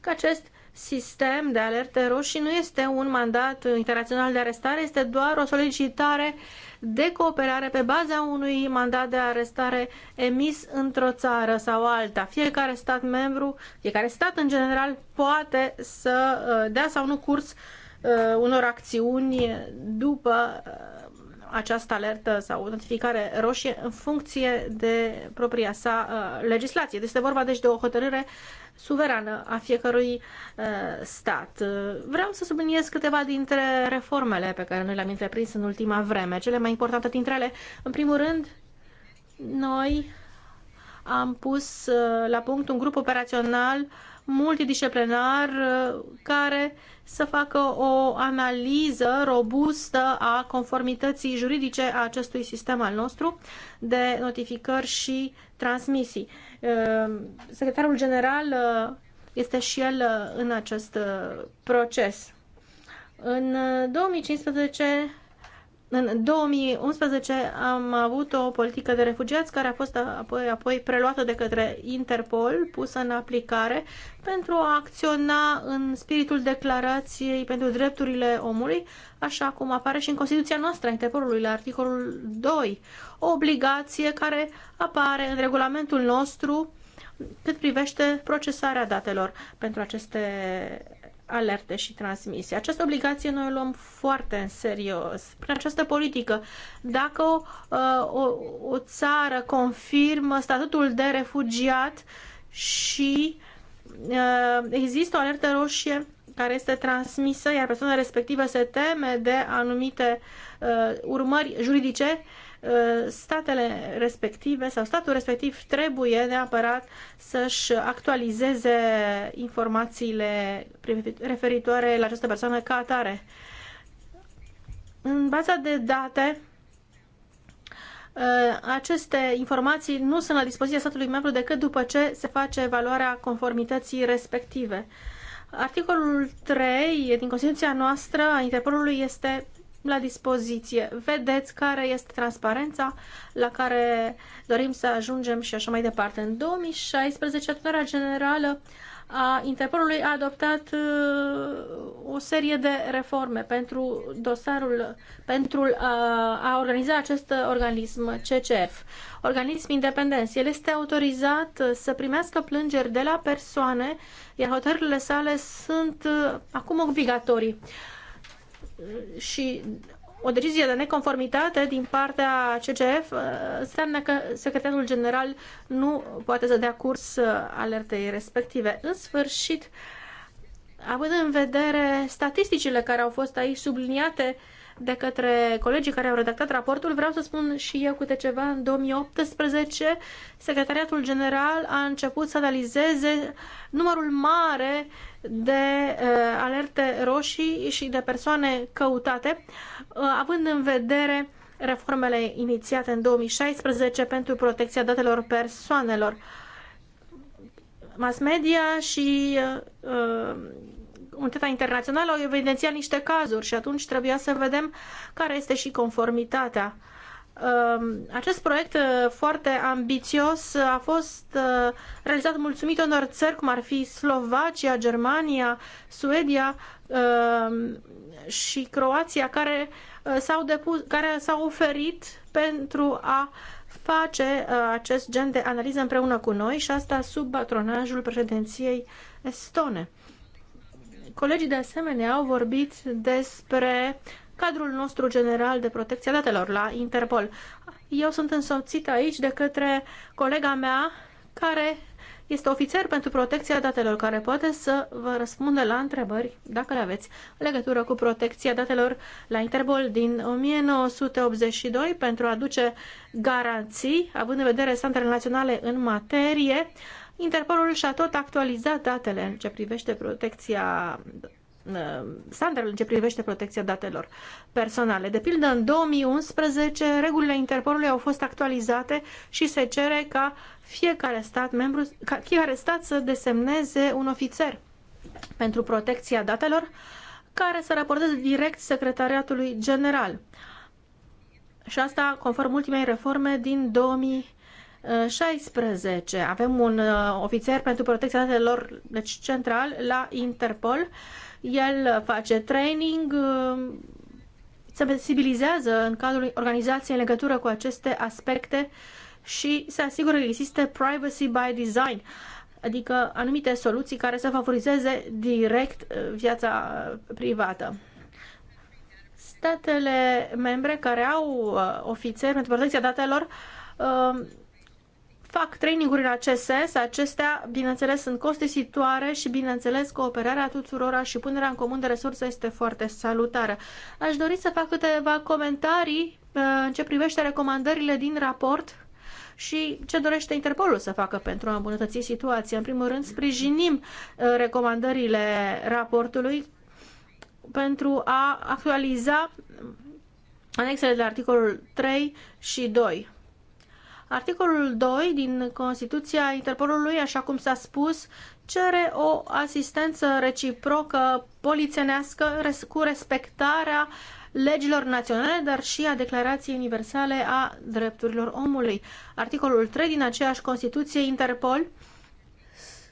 că acest sistem de alerte roșii nu este un mandat internațional de arestare, este doar o solicitare de cooperare pe baza unui mandat de arestare emis într-o țară sau alta. Fiecare stat membru, fiecare stat în general poate să uh, dea sau nu curs uh, unor acțiuni după uh, această alertă sau notificare roșie în funcție de propria sa legislație. este vorba deci de o hotărâre suverană a fiecărui uh, stat. Uh, vreau să subliniez câteva dintre reformele pe care noi le-am întreprins în ultima vreme. Cele mai importante dintre ele, în primul rând, noi am pus uh, la punct un grup operațional multidisciplinar uh, care să facă o analiză robustă a conformității juridice a acestui sistem al nostru de notificări și transmisii. Uh, secretarul general este și el în acest proces. În 2015 în 2011 am avut o politică de refugiați care a fost apoi, apoi preluată de către Interpol, pusă în aplicare pentru a acționa în spiritul declarației pentru drepturile omului, așa cum apare și în Constituția noastră a Interpolului, la articolul 2, o obligație care apare în regulamentul nostru cât privește procesarea datelor pentru aceste alerte și transmisie. Această obligație noi o luăm foarte în serios prin această politică. Dacă o, uh, o, o țară confirmă statutul de refugiat și uh, există o alertă roșie care este transmisă, iar persoana respectivă se teme de anumite uh, urmări juridice, statele respective sau statul respectiv trebuie neapărat să-și actualizeze informațiile referitoare la această persoană ca atare. În baza de date, uh, aceste informații nu sunt la dispoziția statului membru decât după ce se face evaluarea conformității respective. Articolul 3 din Constituția noastră a Interpolului este la dispoziție. Vedeți care este transparența la care dorim să ajungem și așa mai departe. În 2016, adunarea generală a Interpolului a adoptat uh, o serie de reforme pentru dosarul, pentru a organiza acest organism CCF, organism independent. El este autorizat uh, să primească plângeri de la persoane, iar hotărârile sale sunt uh, acum obligatorii. Uh, și o decizie de neconformitate din partea CCF uh, înseamnă că secretarul general nu poate să dea curs uh, alertei respective. În sfârșit, având în vedere statisticile care au fost aici subliniate, de către colegii care au redactat raportul, vreau să spun și eu câte ceva. În 2018, Secretariatul General a început să analizeze numărul mare de uh, alerte roșii și de persoane căutate, uh, având în vedere reformele inițiate în 2016 pentru protecția datelor persoanelor. Mass media și uh, Unitatea Internațională au evidențiat niște cazuri și atunci trebuia să vedem care este și conformitatea. Um, acest proiect uh, foarte ambițios uh, a fost uh, realizat mulțumit unor țări cum ar fi Slovacia, Germania, Suedia um, și Croația care s-au, depus, care s-au oferit pentru a face acest gen de analiză împreună cu noi și asta sub patronajul președinției estone. Colegii de asemenea au vorbit despre cadrul nostru general de protecție a datelor la Interpol. Eu sunt însoțită aici de către colega mea care este ofițer pentru protecția datelor, care poate să vă răspundă la întrebări, dacă le aveți, legătură cu protecția datelor la Interpol din 1982 pentru a aduce garanții, având în vedere standardele naționale în materie. Uh, Interpolul și-a tot actualizat datele în ce privește protecția uh, standardul în ce privește protecția datelor personale. De pildă, în 2011, regulile Interpolului au fost actualizate și se cere ca fiecare stat, membru, ca fiecare stat să desemneze un ofițer pentru protecția datelor care să raporteze direct Secretariatului General. Și asta conform ultimei reforme din 2000 16. Avem un uh, ofițer pentru protecția datelor deci central la Interpol. El face training, uh, se sensibilizează în cadrul organizației în legătură cu aceste aspecte și se asigură că există privacy by design, adică anumite soluții care să favorizeze direct uh, viața privată statele membre care au uh, ofițeri pentru protecția datelor uh, fac traininguri în acest sens. Acestea, bineînțeles, sunt costisitoare și, bineînțeles, cooperarea tuturora și punerea în comun de resurse este foarte salutară. Aș dori să fac câteva comentarii uh, în ce privește recomandările din raport și ce dorește Interpolul să facă pentru a îmbunătăți situația. În primul rând, sprijinim uh, recomandările raportului pentru a actualiza anexele de articolul 3 și 2 Articolul 2 din Constituția Interpolului, așa cum s-a spus, cere o asistență reciprocă polițenească cu respectarea legilor naționale, dar și a Declarației Universale a Drepturilor Omului. Articolul 3 din aceeași Constituție Interpol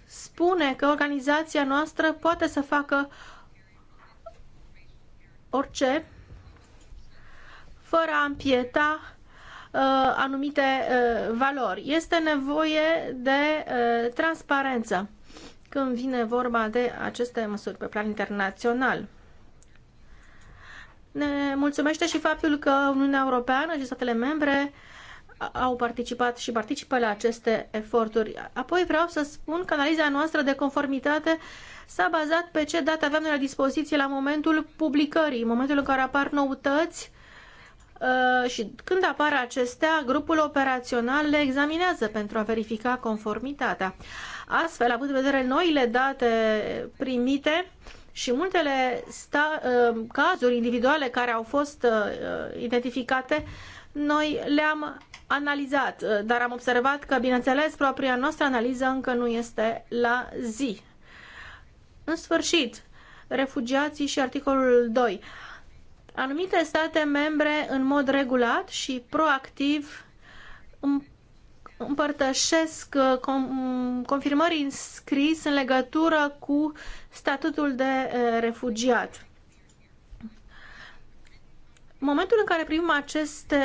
spune că organizația noastră poate să facă orice fără a împieta Uh, anumite uh, valori. Este nevoie de uh, transparență când vine vorba de aceste măsuri pe plan internațional. Ne mulțumește și faptul că Uniunea Europeană și statele membre au participat și participă la aceste eforturi. Apoi vreau să spun că analiza noastră de conformitate s-a bazat pe ce date aveam noi la dispoziție la momentul publicării, în momentul în care apar noutăți, Uh, și când apar acestea, grupul operațional le examinează pentru a verifica conformitatea. Astfel, având în vedere noile date primite și multele sta, uh, cazuri individuale care au fost uh, identificate, noi le-am analizat, dar am observat că, bineînțeles, propria noastră analiză încă nu este la zi. În sfârșit, refugiații și articolul 2. Anumite state membre, în mod regulat și proactiv, împărtășesc uh, confirmări în scris în legătură cu statutul de uh, refugiat. În momentul în care primim aceste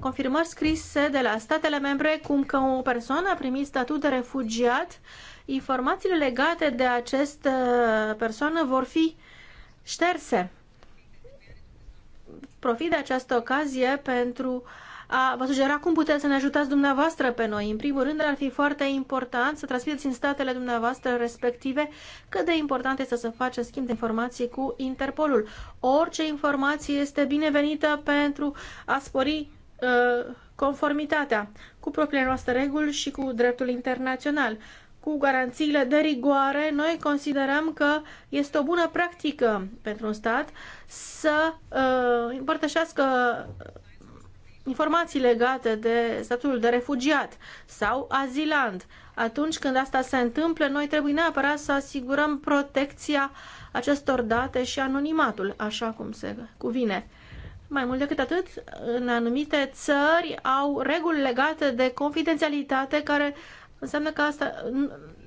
confirmări scrise de la statele membre, cum că o persoană a primit statut de refugiat, informațiile legate de această uh, persoană vor fi șterse profit de această ocazie pentru a vă sugera cum puteți să ne ajutați dumneavoastră pe noi. În primul rând, ar fi foarte important să transmiteți în statele dumneavoastră respective cât de important este să faceți schimb de informații cu Interpolul. Orice informație este binevenită pentru a spori uh, conformitatea cu propriile noastre reguli și cu dreptul internațional. Cu garanțiile de rigoare, noi considerăm că este o bună practică pentru un stat uh, să uh, împărtășească informații legate de statutul de refugiat sau azilant. Atunci când asta se întâmplă, noi trebuie neapărat să asigurăm protecția acestor date și anonimatul, așa cum se cuvine. Mai mult decât atât, în anumite țări au reguli legate de confidențialitate care înseamnă că asta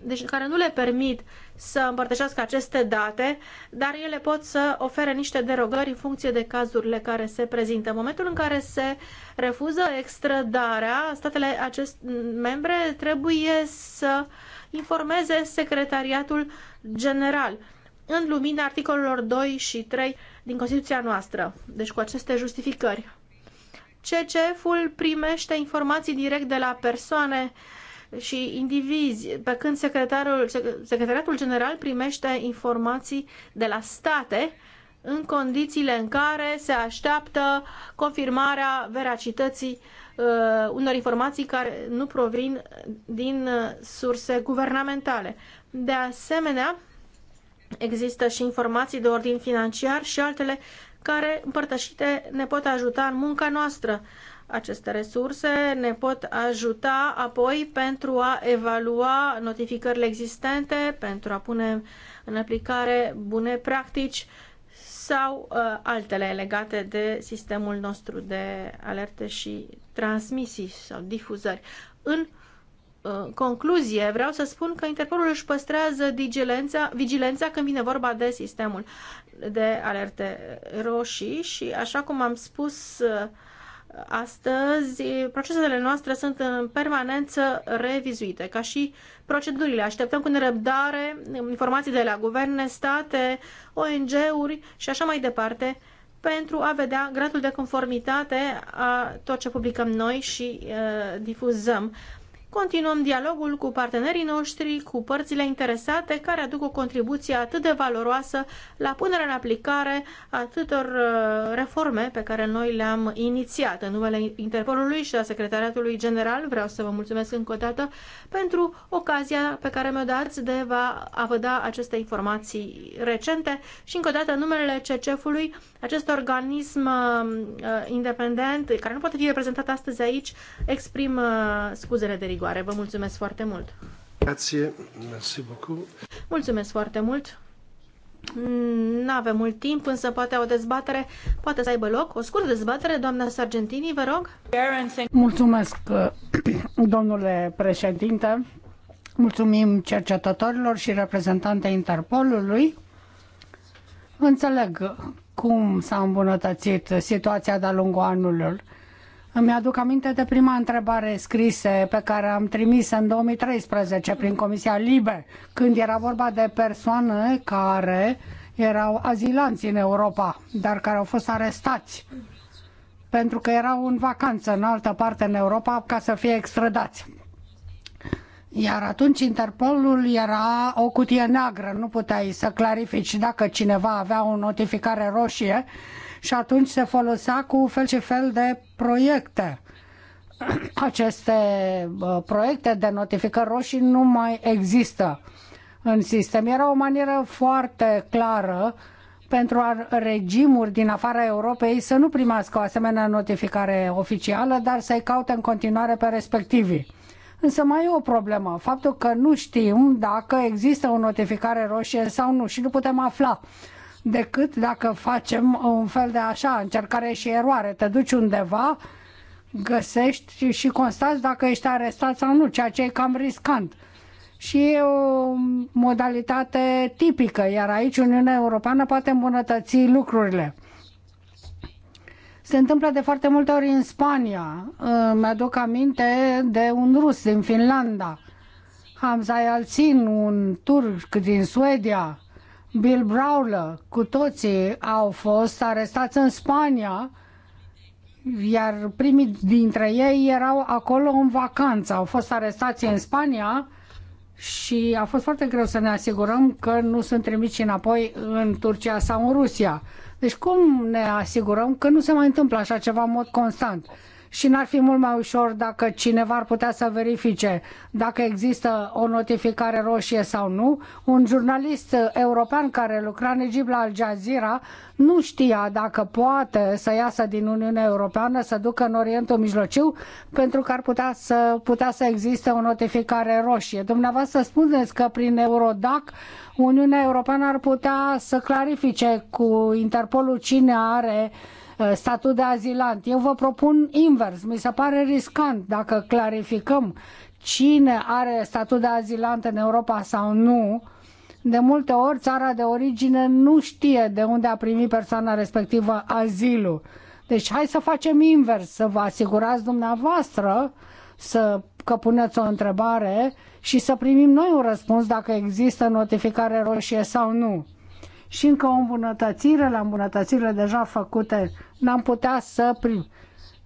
deci care nu le permit să împărtășească aceste date, dar ele pot să ofere niște derogări în funcție de cazurile care se prezintă. În momentul în care se refuză extrădarea, statele acest membre trebuie să informeze secretariatul general în lumina articolelor 2 și 3 din Constituția noastră, deci cu aceste justificări. CCF-ul primește informații direct de la persoane uh, și indivizi, pe când secretarul, secretariatul general primește informații de la state în condițiile în care se așteaptă confirmarea veracității uh, unor informații care nu provin din uh, surse guvernamentale. De asemenea, există și informații de ordin financiar și altele care împărtășite ne pot ajuta în munca noastră. Uh, aceste resurse ne pot ajuta apoi pentru a evalua notificările existente, pentru a pune în aplicare bune practici sau uh, altele legate de sistemul nostru de alerte și transmisii sau difuzări. În uh, concluzie, vreau să spun că Interpolul își păstrează vigilența, vigilența când vine vorba de sistemul de alerte roșii și, așa cum am spus, uh, Astăzi, procesele noastre sunt în permanență revizuite, ca și procedurile. Așteptăm cu nerăbdare informații de la guverne, state, ONG-uri și așa mai departe, pentru a vedea gradul de conformitate a tot ce publicăm noi și uh, difuzăm. Continuăm dialogul cu partenerii noștri, cu părțile interesate care aduc o contribuție atât de valoroasă la punerea în aplicare atâtor uh, reforme pe care noi le-am inițiat. În numele Interpolului și a Secretariatului General vreau să vă mulțumesc încă o dată pentru ocazia pe care mi-o dați de va, a vă da aceste informații recente și încă o dată numele CCF-ului, acest organism uh, uh, independent care nu poate fi reprezentat astăzi aici, exprim scuzele de rigor vigoare. Vă mulțumesc foarte mult! Grazie, merci beaucoup. Mulțumesc foarte mult! Nu avem mult timp, însă poate o dezbatere poate să aibă loc. O scurtă dezbatere, doamna Sargentini, vă rog. Mulțumesc, domnule președinte. Mulțumim cercetătorilor și reprezentantei Interpolului. Înțeleg cum s-a îmbunătățit situația de-a lungul anului îmi aduc aminte de prima întrebare scrisă pe care am trimis în 2013 prin Comisia Libe, când era vorba de persoane care erau azilanți în Europa, dar care au fost arestați pentru că erau în vacanță în altă parte în Europa ca să fie extradați. Iar atunci Interpolul era o cutie neagră, nu puteai să clarifici dacă cineva avea o notificare roșie și atunci se folosea cu fel și fel de proiecte. Aceste proiecte de notificări roșii nu mai există în sistem. Era o manieră foarte clară pentru a regimuri din afara Europei să nu primească o asemenea notificare oficială, dar să-i caute în continuare pe respectivii. Însă mai e o problemă, faptul că nu știm dacă există o notificare roșie sau nu și nu putem afla decât dacă facem un fel de așa încercare și eroare. Te duci undeva, găsești și constați dacă ești arestat sau nu, ceea ce e cam riscant. Și e o modalitate tipică, iar aici Uniunea Europeană poate îmbunătăți lucrurile. Se întâmplă de foarte multe ori în Spania. Mi-aduc aminte de un rus din Finlanda, Hamza Alțin, un turc din Suedia, Bill Brawler, cu toții au fost arestați în Spania, iar primii dintre ei erau acolo în vacanță. Au fost arestați în Spania și a fost foarte greu să ne asigurăm că nu sunt trimiși înapoi în Turcia sau în Rusia. Deci cum ne asigurăm că nu se mai întâmplă așa ceva în mod constant? și n-ar fi mult mai ușor dacă cineva ar putea să verifice dacă există o notificare roșie sau nu. Un jurnalist european care lucra în Egipt la Al Jazeera nu știa dacă poate să iasă din Uniunea Europeană, să ducă în Orientul Mijlociu, pentru că ar putea să, putea să existe o notificare roșie. Dumneavoastră spuneți că prin Eurodac Uniunea Europeană ar putea să clarifice cu Interpolul cine are uh, Uh, statut de azilant. Eu vă propun invers. Mi se pare riscant dacă clarificăm cine are statut de azilant în Europa sau nu. De multe ori, țara de origine nu știe de unde a primit persoana respectivă azilul. Deci hai să facem invers, să vă asigurați dumneavoastră să, că puneți o întrebare și să primim noi un răspuns dacă există notificare roșie sau nu și încă o îmbunătățire la îmbunătățirile deja făcute. N-am putea să prim,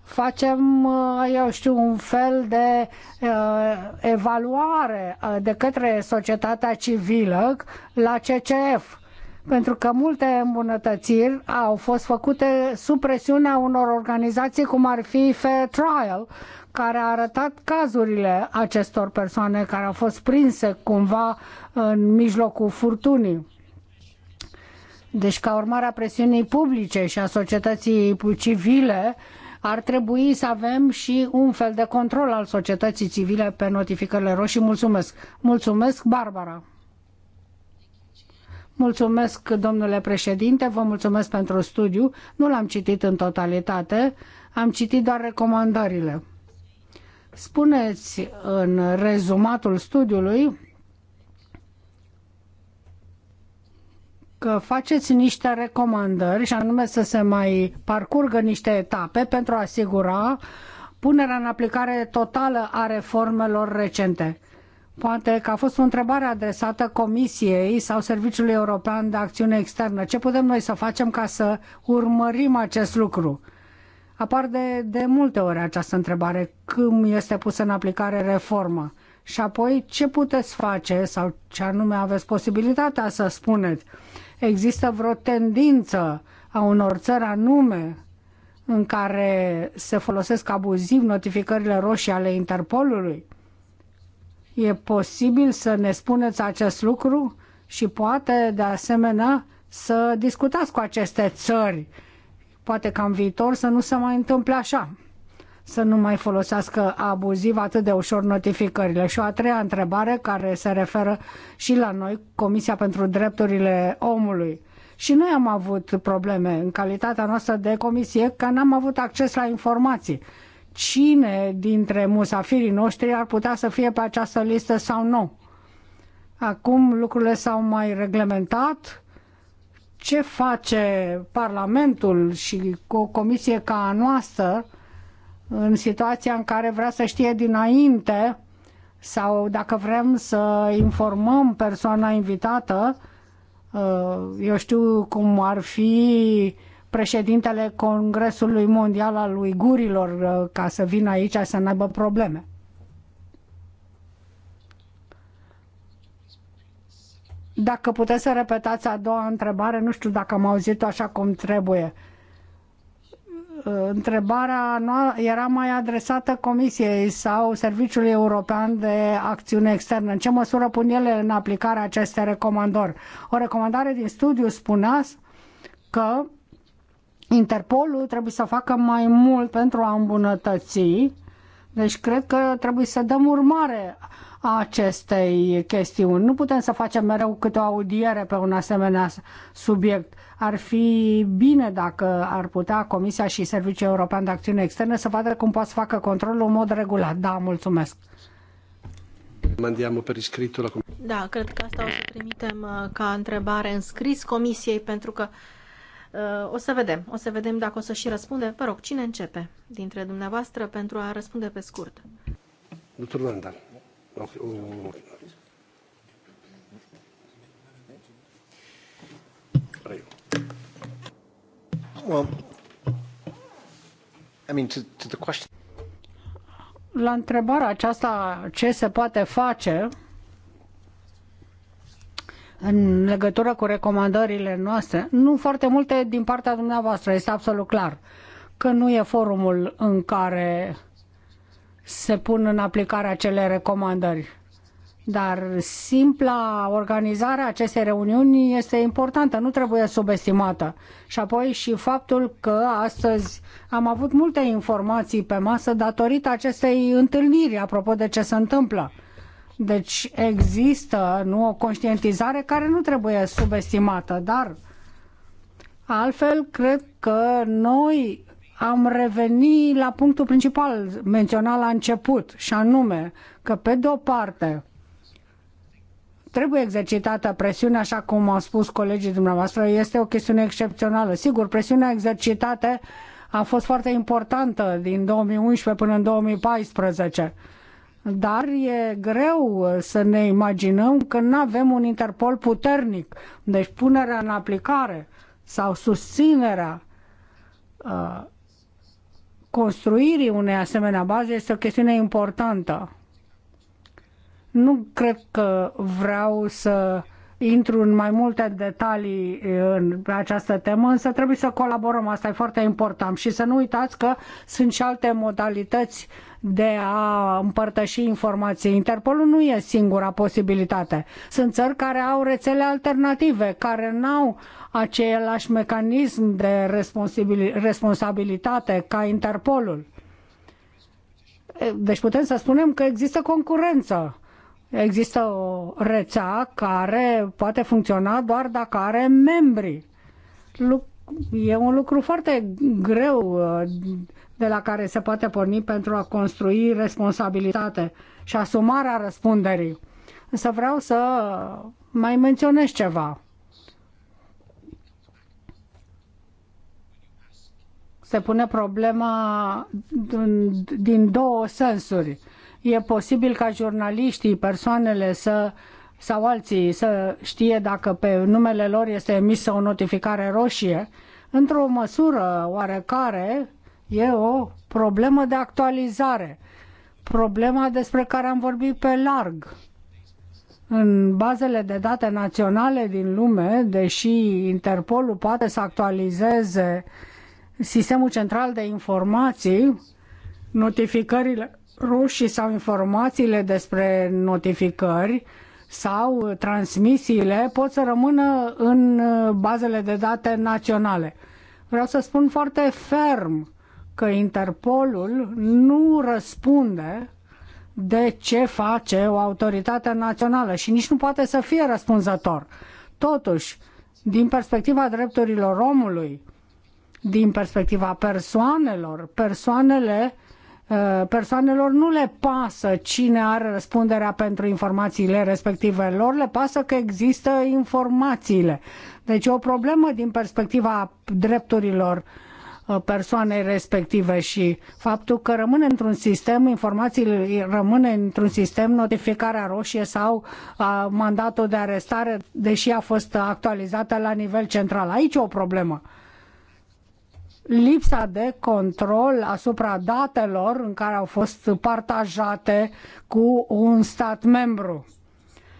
facem, uh, eu știu, un fel de uh, evaluare uh, de către societatea civilă la CCF pentru că multe îmbunătățiri au fost făcute sub presiunea unor organizații cum ar fi Fair Trial, care a arătat cazurile acestor persoane care au fost prinse cumva în mijlocul furtunii. Deci, ca urmare a presiunii publice și a societății civile, ar trebui să avem și un fel de control al societății civile pe notificările roșii. Mulțumesc! Mulțumesc, Barbara! Mulțumesc, domnule președinte, vă mulțumesc pentru studiu. Nu l-am citit în totalitate, am citit doar recomandările. Spuneți în rezumatul studiului că faceți niște recomandări și anume să se mai parcurgă niște etape pentru a asigura punerea în aplicare totală a reformelor recente. Poate că a fost o întrebare adresată Comisiei sau Serviciului European de Acțiune Externă. Ce putem noi să facem ca să urmărim acest lucru? Apar de, de multe ori această întrebare, cum este pusă în aplicare reforma? Și apoi, ce puteți face sau ce anume aveți posibilitatea să spuneți? există vreo tendință a unor țări anume în care se folosesc abuziv notificările roșii ale Interpolului? E posibil să ne spuneți acest lucru și poate, de asemenea, să discutați cu aceste țări. Poate ca în viitor să nu se mai întâmple așa să nu mai folosească abuziv atât de ușor notificările. Și o a treia întrebare care se referă și la noi, Comisia pentru Drepturile Omului. Și noi am avut probleme în calitatea noastră de comisie că n-am avut acces la informații. Cine dintre musafirii noștri ar putea să fie pe această listă sau nu? Acum lucrurile s-au mai reglementat. Ce face Parlamentul și cu o comisie ca a noastră în situația în care vrea să știe dinainte sau dacă vrem să informăm persoana invitată, uh, eu știu cum ar fi președintele Congresului Mondial al Uigurilor uh, ca să vină aici să n aibă probleme. Dacă puteți să repetați a doua întrebare, nu știu dacă am auzit-o așa cum trebuie. Uh, Uh, întrebarea era mai adresată Comisiei sau Serviciului European de Acțiune Externă. În ce măsură pun ele în aplicare aceste recomandări? O recomandare din studiu spunea că Interpolul trebuie să facă mai mult pentru a îmbunătăți, deci cred că trebuie să dăm urmare a acestei chestiuni. Nu putem să facem mereu câte o audiere pe un asemenea subiect ar fi bine dacă ar putea Comisia și Serviciul European de Acțiune Externă să vadă cum poate să facă controlul în mod regulat. Da, mulțumesc. Mandiamo per iscritto la Da, cred că asta o să trimitem uh, ca întrebare în scris Comisiei pentru că uh, o să vedem, o să vedem dacă o să și răspunde. Vă rog, cine începe dintre dumneavoastră pentru a răspunde pe scurt? Doctor Landa, Okay. La întrebarea aceasta ce se poate face în legătură cu recomandările noastre, nu foarte multe din partea dumneavoastră, este absolut clar că nu e forumul în care se pun în aplicare acele recomandări. Dar simpla organizare a acestei reuniuni este importantă, nu trebuie subestimată. Și apoi și faptul că astăzi am avut multe informații pe masă datorită acestei întâlniri, apropo de ce se întâmplă. Deci există nu o conștientizare care nu trebuie subestimată, dar altfel cred că noi am revenit la punctul principal menționat la început, și anume că pe de o parte trebuie exercitată presiunea, așa cum au spus colegii dumneavoastră, este o chestiune excepțională. Sigur, presiunea exercitată a fost foarte importantă din 2011 până în 2014. Dar e greu să ne imaginăm că nu avem un Interpol puternic. Deci punerea în aplicare sau susținerea uh, construirii unei asemenea baze este o chestiune importantă. Nu cred că vreau să intru în mai multe detalii în această temă, însă trebuie să colaborăm, asta e foarte important. Și să nu uitați că sunt și alte modalități de a împărtăși informații. Interpolul nu e singura posibilitate. Sunt țări care au rețele alternative, care n-au același mecanism de responsabilitate ca Interpolul. Deci putem să spunem că există concurență Există o rețea care poate funcționa doar dacă are membri. E un lucru foarte greu uh, de la care se poate porni pentru a construi responsabilitate și asumarea răspunderii. Însă vreau să mai menționez ceva. Se pune problema din două sensuri e posibil ca jurnaliștii, persoanele să sau alții să știe dacă pe numele lor este emisă o notificare roșie, într-o măsură oarecare e o problemă de actualizare. Problema despre care am vorbit pe larg. În bazele de date naționale din lume, deși Interpolul poate să actualizeze sistemul central de informații, notificările rușii sau informațiile despre notificări sau transmisiile pot să rămână în uh, bazele de date naționale. Vreau să spun foarte ferm că Interpolul nu răspunde de ce face o autoritate națională și nici nu poate să fie răspunzător. Totuși, din perspectiva drepturilor omului, din perspectiva persoanelor, persoanele Uh, persoanelor nu le pasă cine are răspunderea pentru informațiile respective. Lor le pasă că există informațiile. Deci e o problemă din perspectiva drepturilor uh, persoanei respective și faptul că rămâne într-un sistem, informațiile rămâne într-un sistem, notificarea roșie sau a, uh, mandatul de arestare, deși a fost actualizată la nivel central. Aici e o problemă lipsa de control asupra datelor în care au fost partajate cu un stat membru.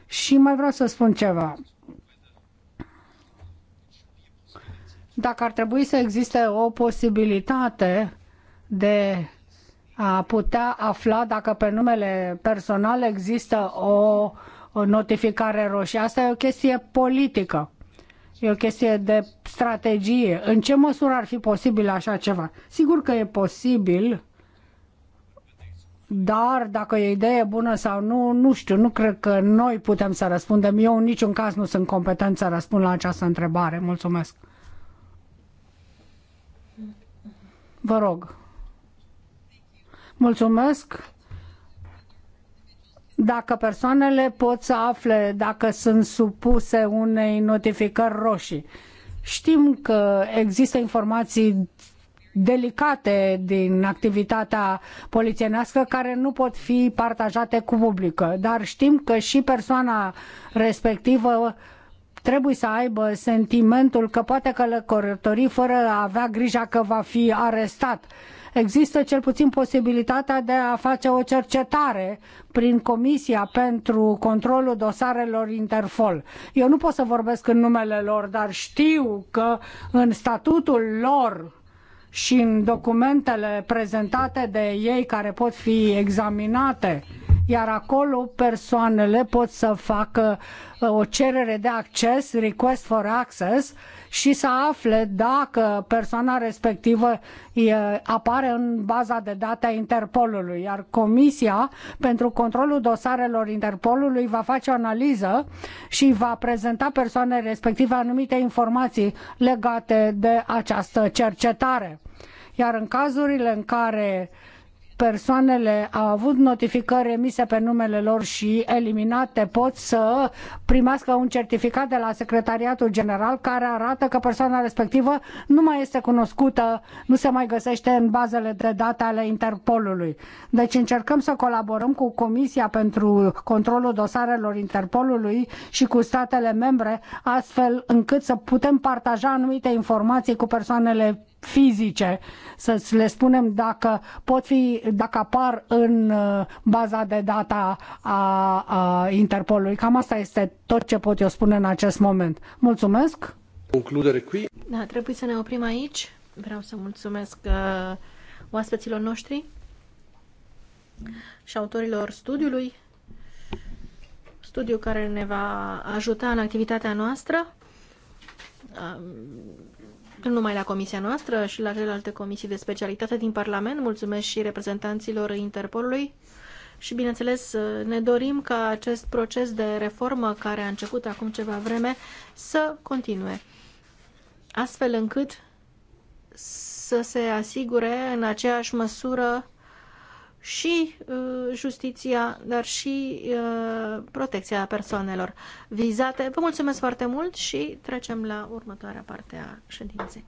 Și mai vreau să spun ceva. Dacă ar trebui să existe o posibilitate de a putea afla dacă pe numele personal există o, o notificare roșie, asta e o chestie politică E o chestie de strategie. În ce măsură ar fi posibil așa ceva? Sigur că e posibil, dar dacă e idee bună sau nu, nu știu, nu cred că noi putem să răspundem. Eu în niciun caz nu sunt competent să răspund la această întrebare. Mulțumesc. Vă rog. Mulțumesc dacă persoanele pot să afle dacă sunt supuse unei notificări roșii. Știm că există informații delicate din activitatea polițienească care nu pot fi partajate cu publică, dar știm că și persoana respectivă trebuie să aibă sentimentul că poate călători fără a avea grija că va fi arestat. Există cel puțin posibilitatea de a face o cercetare prin Comisia pentru Controlul Dosarelor Interfol. Eu nu pot să vorbesc în numele lor, dar știu că în statutul lor și în documentele prezentate de ei care pot fi examinate, uh, iar acolo persoanele pot să facă uh, o cerere de acces, request for access, și să afle dacă persoana respectivă apare în baza de date a Interpolului, iar Comisia pentru controlul dosarelor Interpolului va face o analiză și va prezenta persoanei respective anumite informații legate de această cercetare. Iar în cazurile în care uh, persoanele au avut notificări emise pe numele lor și eliminate pot să primească un certificat de la Secretariatul General care arată că persoana respectivă nu mai este cunoscută, nu se mai găsește în bazele de date ale Interpolului. Deci încercăm să colaborăm cu Comisia pentru controlul dosarelor Interpolului și cu statele membre astfel încât să putem partaja anumite informații cu persoanele fizice, să le spunem dacă pot fi, dacă apar în uh, baza de data a, a Interpolului. Cam asta este tot ce pot eu spune în acest moment. Mulțumesc! Concludere qui. Da, trebuie să ne oprim aici. Vreau să mulțumesc uh, oaspeților noștri și autorilor studiului, studiu care ne va ajuta în activitatea noastră. Uh, nu numai la comisia noastră și la celelalte comisii de specialitate din Parlament. Mulțumesc și reprezentanților Interpolului. Și, bineînțeles, ne dorim ca acest proces de reformă care a început acum ceva vreme să continue, astfel încât să se asigure în aceeași măsură și uh, justiția, dar și uh, protecția persoanelor vizate. Vă mulțumesc foarte mult și trecem la următoarea parte a ședinței.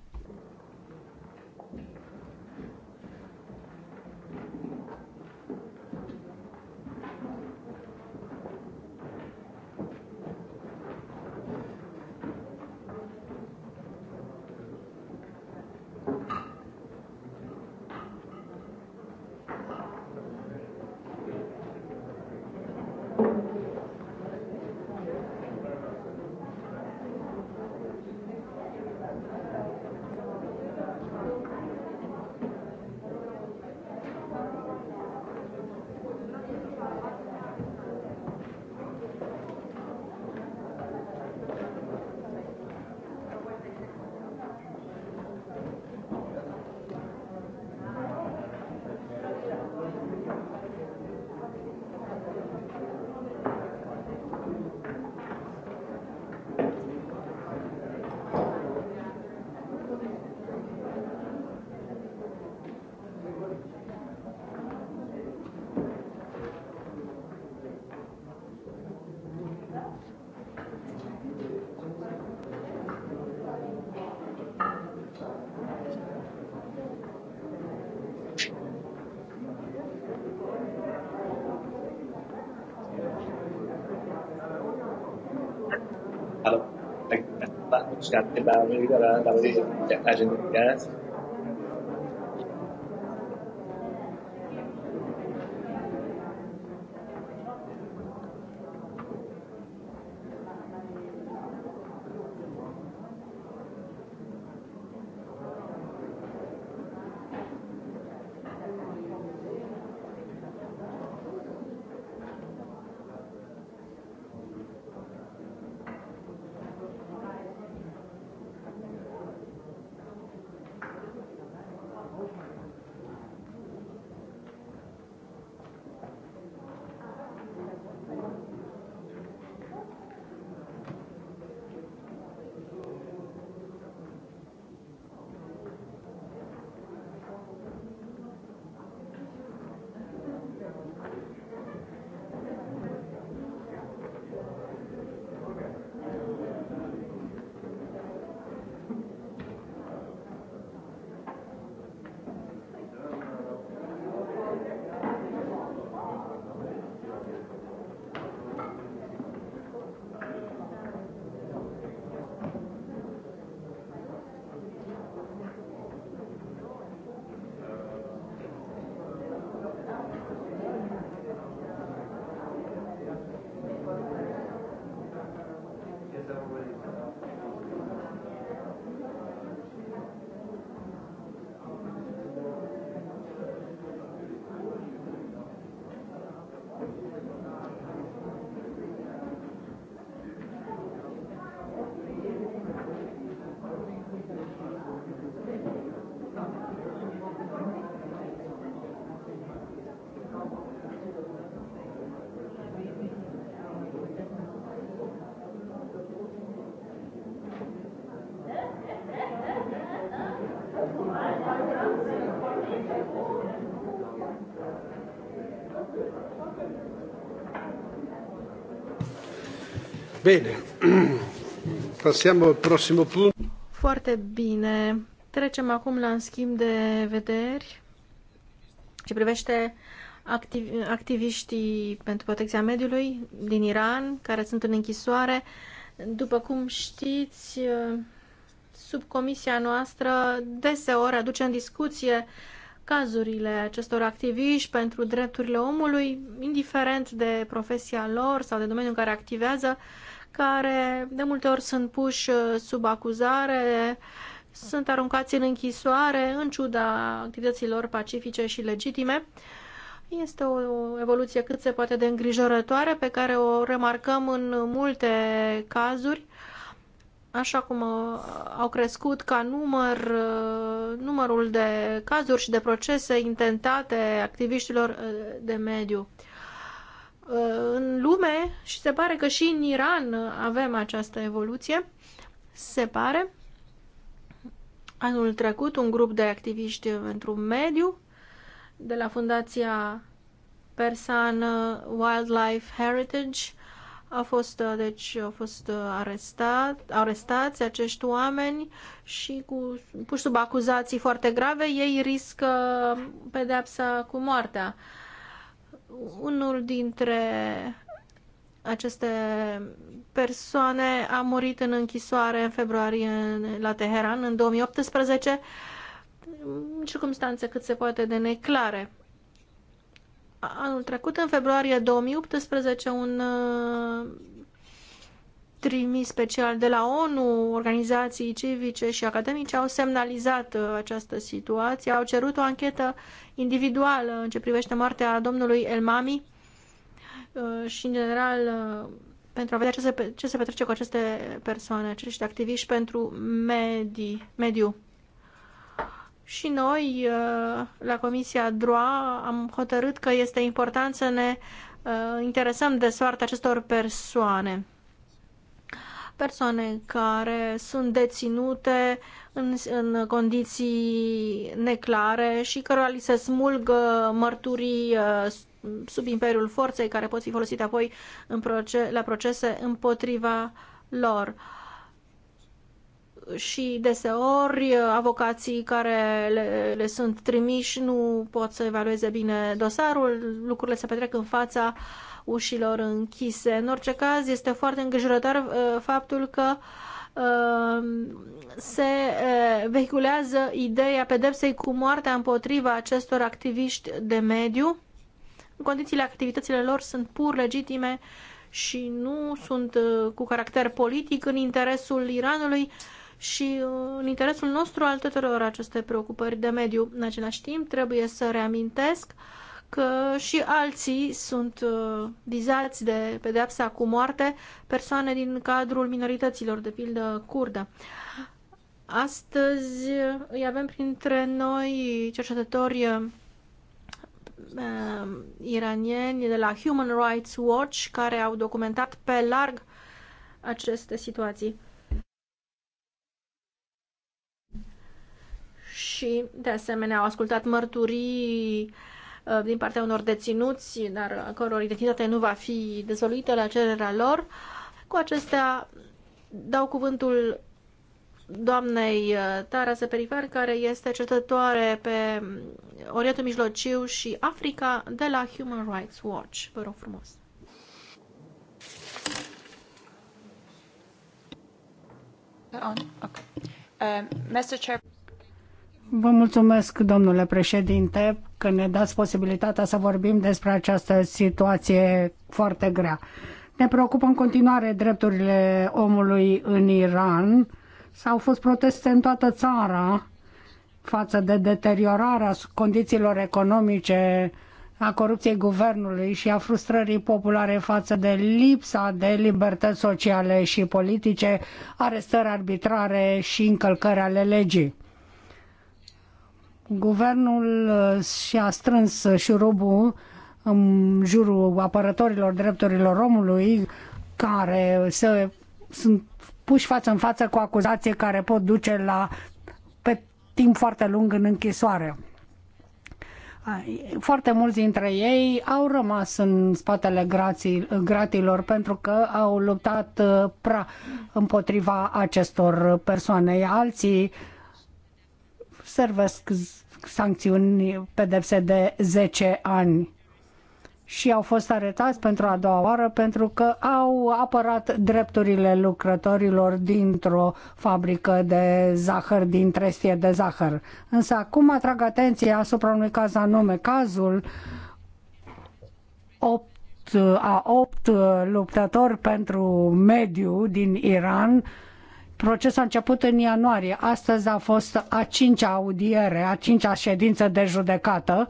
使って番組が番組じゃあじゃなくて Bine. Passiamo al prossimo punct. Foarte bine. Trecem acum la un schimb de vederi ce privește activ activiștii pentru protecția mediului din Iran, care sunt în închisoare. După cum știți, subcomisia noastră deseori aduce în discuție cazurile acestor activiști pentru drepturile omului, indiferent de profesia lor sau de domeniul în care activează, care de multe ori sunt puși uh, sub acuzare, sunt aruncați în închisoare, în ciuda activităților pacifice și legitime. Este o evoluție cât se poate de îngrijorătoare pe care o remarcăm în multe cazuri așa cum uh, au crescut ca număr, uh, numărul de cazuri și de procese intentate activiștilor de mediu. Uh, în lume și se pare că și în Iran avem această evoluție. Se pare. Anul trecut, un grup de activiști pentru mediu de la Fundația Persan Wildlife Heritage a fost, uh, deci, a fost uh, arestat, arestați acești oameni și cu, puși sub acuzații foarte grave, ei riscă pedepsa cu moartea. Uh, unul dintre aceste persoane a murit în închisoare în februarie la Teheran în 2018 în circunstanțe cât se poate de neclare. Anul trecut, în februarie 2018, un trimis special de la ONU, organizații civice și academice au semnalizat uh, această situație, au cerut o anchetă individuală în ce privește moartea domnului Elmami uh, și, în general, uh, pentru a vedea ce se, ce se petrece cu aceste persoane, acești activiști pentru medii, mediu. Și noi, la Comisia DROA, am hotărât că este important să ne interesăm de soarta acestor persoane persoane care sunt deținute în, în condiții neclare și cărora li se smulg mărturii uh, sub imperiul forței care pot fi folosite apoi în proces, la procese împotriva lor. Și deseori uh, avocații care le, le sunt trimiși nu pot să evalueze bine dosarul, lucrurile se petrec în fața uh, ușilor închise. În orice caz, este foarte îngrijorător uh, faptul că uh, se uh, vehiculează ideea pedepsei cu moartea împotriva acestor activiști de mediu. În condițiile activitățile lor sunt pur legitime și nu sunt cu caracter politic în interesul Iranului și în interesul nostru al tuturor aceste preocupări de mediu. În același timp, trebuie să reamintesc uh, că și alții sunt uh, vizați de pedepsa cu moarte, persoane din cadrul minorităților, de pildă curdă. Astăzi uh, îi avem printre noi cercetători uh, iranieni de la Human Rights Watch care au documentat pe larg aceste situații. Și, de asemenea, au ascultat mărturii uh, Uh, din partea unor deținuți, dar acolo identitatea nu va fi dezvoluită la cererea lor. Cu acestea dau cuvântul doamnei uh, Tara Săperifar, care este cercetătoare pe Orientul Mijlociu și Africa de la Human Rights Watch. Vă rog frumos! Uh, Vă mulțumesc, domnule președinte că ne dați posibilitatea să vorbim despre această situație foarte grea. Ne preocupă în continuare drepturile omului în Iran. S-au fost proteste în toată țara față de deteriorarea condițiilor economice, a corupției guvernului și a frustrării populare față de lipsa de libertăți sociale și politice, arestări arbitrare și încălcări ale legii. Guvernul uh, și-a strâns uh, șurubul în jurul apărătorilor drepturilor omului care se, sunt puși față în față cu acuzații care pot duce la pe timp foarte lung în închisoare. Uh, foarte mulți dintre ei au rămas în spatele grații, gratilor pentru că au luptat pra împotriva acestor persoane. Alții uh, servesc sancțiuni pedepse de 10 ani și au fost aretați pentru a doua oară pentru că au apărat drepturile lucrătorilor dintr-o fabrică de zahăr, din trestie de zahăr. Însă acum atrag atenția asupra unui caz anume, cazul 8 a opt luptători pentru mediu din Iran Procesul a început în ianuarie. Astăzi a fost a cincea audiere, a cincea ședință de judecată,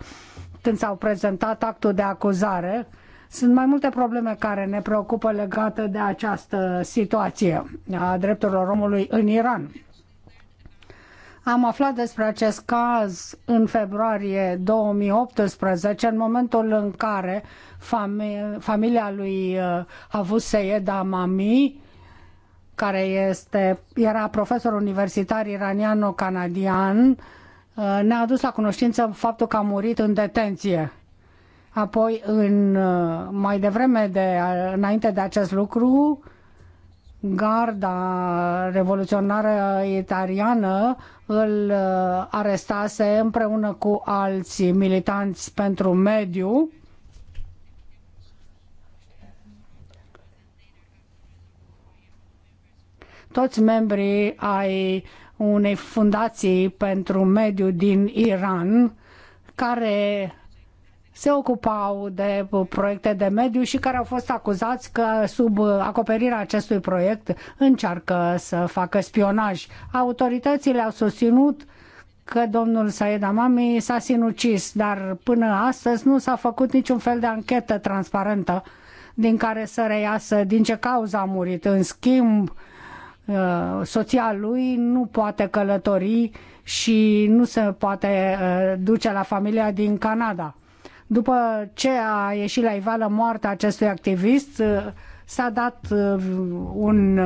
când s-au prezentat actul de acuzare. Sunt mai multe probleme care ne preocupă legate de această situație a drepturilor omului în Iran. Am aflat despre acest caz în februarie 2018, în momentul în care fami- familia lui uh, Avus Seyed Amami care este, era profesor universitar iraniano-canadian, uh, ne-a adus la cunoștință faptul că a murit în detenție. Apoi, în, uh, mai devreme, de, uh, înainte de acest lucru, garda revoluționară italiană îl arestase împreună cu alți militanți pentru mediu toți membrii ai unei fundații pentru mediu din Iran care se ocupau de proiecte de mediu și care au fost acuzați că sub acoperirea acestui proiect încearcă să facă spionaj. Autoritățile au susținut că domnul Saed Amami s-a sinucis, dar până astăzi nu s-a făcut niciun fel de anchetă transparentă din care să reiasă din ce cauză a murit. În schimb, Uh, soția lui nu poate călători și nu se poate uh, duce la familia din Canada. După ce a ieșit la iveală moartea acestui activist, uh, s-a dat un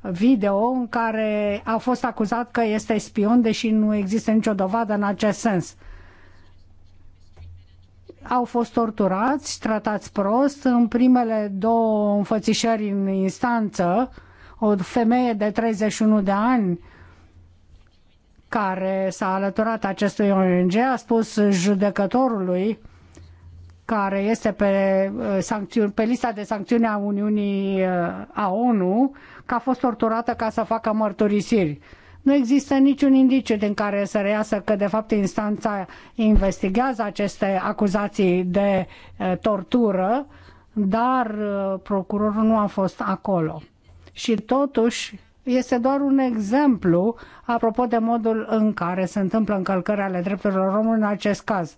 video în care a fost acuzat că este spion, deși nu există nicio dovadă în acest sens. Au fost torturați, tratați prost. În primele două înfățișări în instanță, o femeie de 31 de ani care s-a alăturat acestui ONG a spus judecătorului care este pe, uh, sancțiuni, pe lista de sancțiuni a Uniunii uh, a ONU că a fost torturată ca să facă mărturisiri. Nu există niciun indiciu din care să reiasă că de fapt instanța investigează aceste acuzații de uh, tortură, dar procurorul nu a fost acolo și totuși este doar un exemplu apropo de modul în care se întâmplă încălcări ale drepturilor omului în acest caz.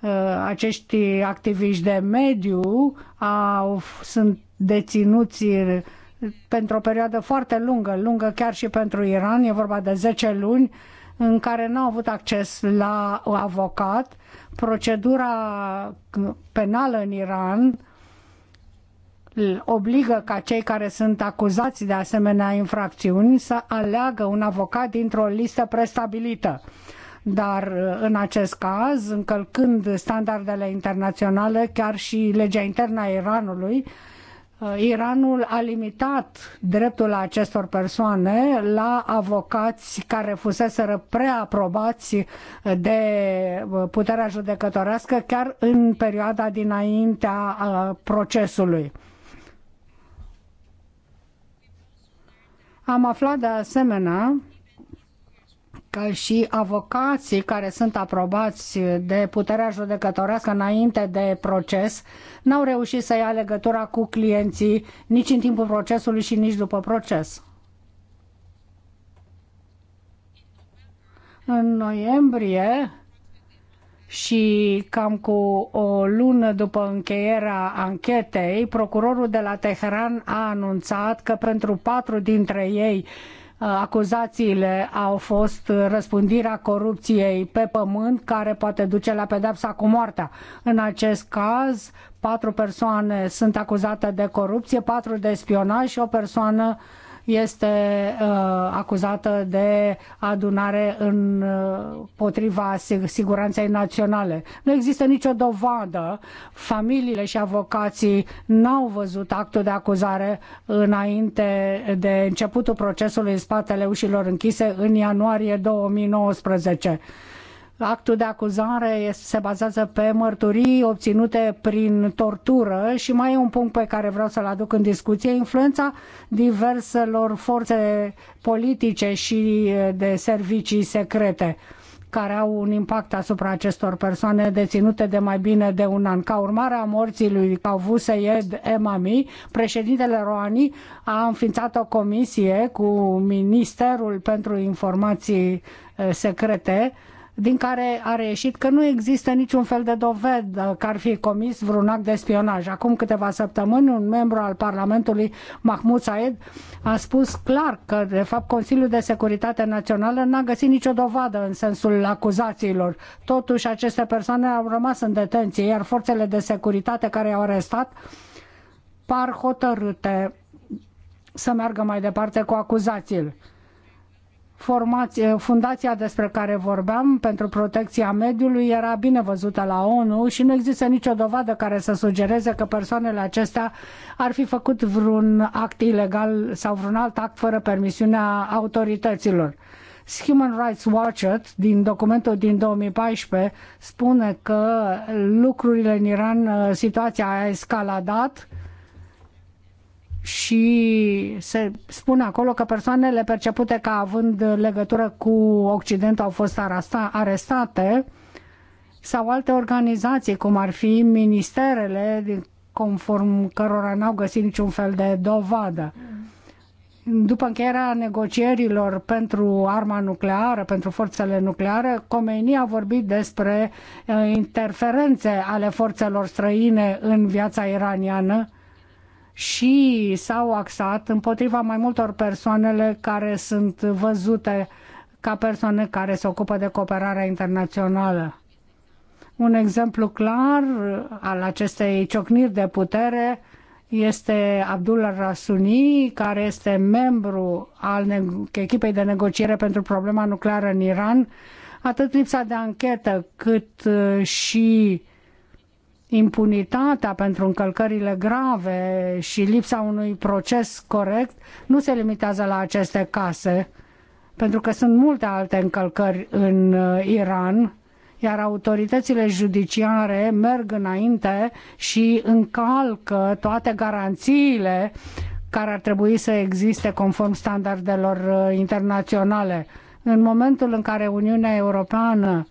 Uh, acești activiști de mediu au, sunt deținuți pentru o perioadă foarte lungă, lungă chiar și pentru Iran, e vorba de 10 luni, în care n-au avut acces la avocat. Procedura penală în Iran obligă ca cei care sunt acuzați de asemenea infracțiuni să aleagă un avocat dintr-o listă prestabilită. Dar uh, în acest caz, încălcând standardele internaționale, chiar și legea internă a Iranului, uh, Iranul a limitat dreptul acestor persoane la avocați care fuseseră preaprobați de uh, puterea judecătorească chiar în perioada dinaintea procesului. Am aflat de asemenea că și avocații care sunt aprobați de puterea judecătorească înainte de proces n-au reușit să ia legătura cu clienții nici în timpul procesului și nici după proces. În noiembrie și cam cu o lună după încheierea anchetei, procurorul de la Teheran a anunțat că pentru patru dintre ei uh, acuzațiile au fost răspândirea corupției pe pământ, care poate duce la pedepsa cu moartea. În acest caz, patru persoane sunt acuzate de corupție, patru de spionaj și o persoană este uh, acuzată de adunare în, uh, potriva siguranței naționale. Nu există nicio dovadă. Familiile și avocații n-au văzut actul de acuzare înainte de începutul procesului în spatele ușilor închise în ianuarie 2019. Actul de acuzare se bazează pe mărturii obținute prin tortură și mai e un punct pe care vreau să-l aduc în discuție, influența diverselor forțe politice și de servicii secrete care au un impact asupra acestor persoane deținute de mai bine de un an. Ca urmare a morții lui Cavuseyed Emami, președintele Roani a înființat o comisie cu Ministerul pentru Informații Secrete din care a reieșit că nu există niciun fel de dovedă că ar fi comis vreun act de spionaj. Acum câteva săptămâni, un membru al Parlamentului, Mahmoud Saed, a spus clar că, de fapt, Consiliul de Securitate Națională n-a găsit nicio dovadă în sensul acuzațiilor. Totuși, aceste persoane au rămas în detenție, iar forțele de securitate care i-au arestat par hotărâte să meargă mai departe cu acuzațiile. Formație, fundația despre care vorbeam pentru protecția mediului era bine văzută la ONU și nu există nicio dovadă care să sugereze că persoanele acestea ar fi făcut vreun act ilegal sau vreun alt act fără permisiunea autorităților. Human Rights Watch din documentul din 2014 spune că lucrurile în Iran, situația a escaladat și se spune acolo că persoanele percepute ca având legătură cu Occidentul au fost arestate sau alte organizații, cum ar fi ministerele, conform cărora n-au găsit niciun fel de dovadă. După încheierea negocierilor pentru arma nucleară, pentru forțele nucleare, Comenii a vorbit despre eh, interferențe ale forțelor străine în viața iraniană și s-au axat împotriva mai multor persoanele care sunt văzute ca persoane care se ocupă de cooperarea internațională. Un exemplu clar al acestei ciocniri de putere este Abdullah Rasuni, care este membru al echipei de negociere pentru problema nucleară în Iran. Atât lipsa de anchetă, cât uh, și uh, impunitatea pentru încălcările grave și lipsa unui proces corect nu se limitează la aceste case, pentru că sunt multe alte încălcări în uh, Iran, iar autoritățile judiciare merg înainte și încalcă toate garanțiile care ar trebui să existe conform standardelor uh, internaționale. În momentul în care Uniunea Europeană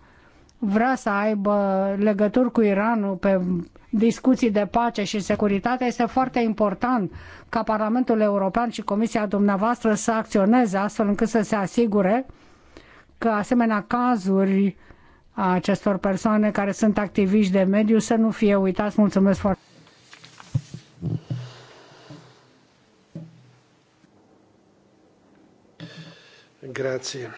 vrea să aibă legături cu Iranul pe discuții de pace și securitate, este foarte important ca Parlamentul European și Comisia dumneavoastră să acționeze astfel încât să se asigure că asemenea cazuri a acestor persoane care sunt activiști de mediu să nu fie uitați. Mulțumesc foarte mult! Grazie.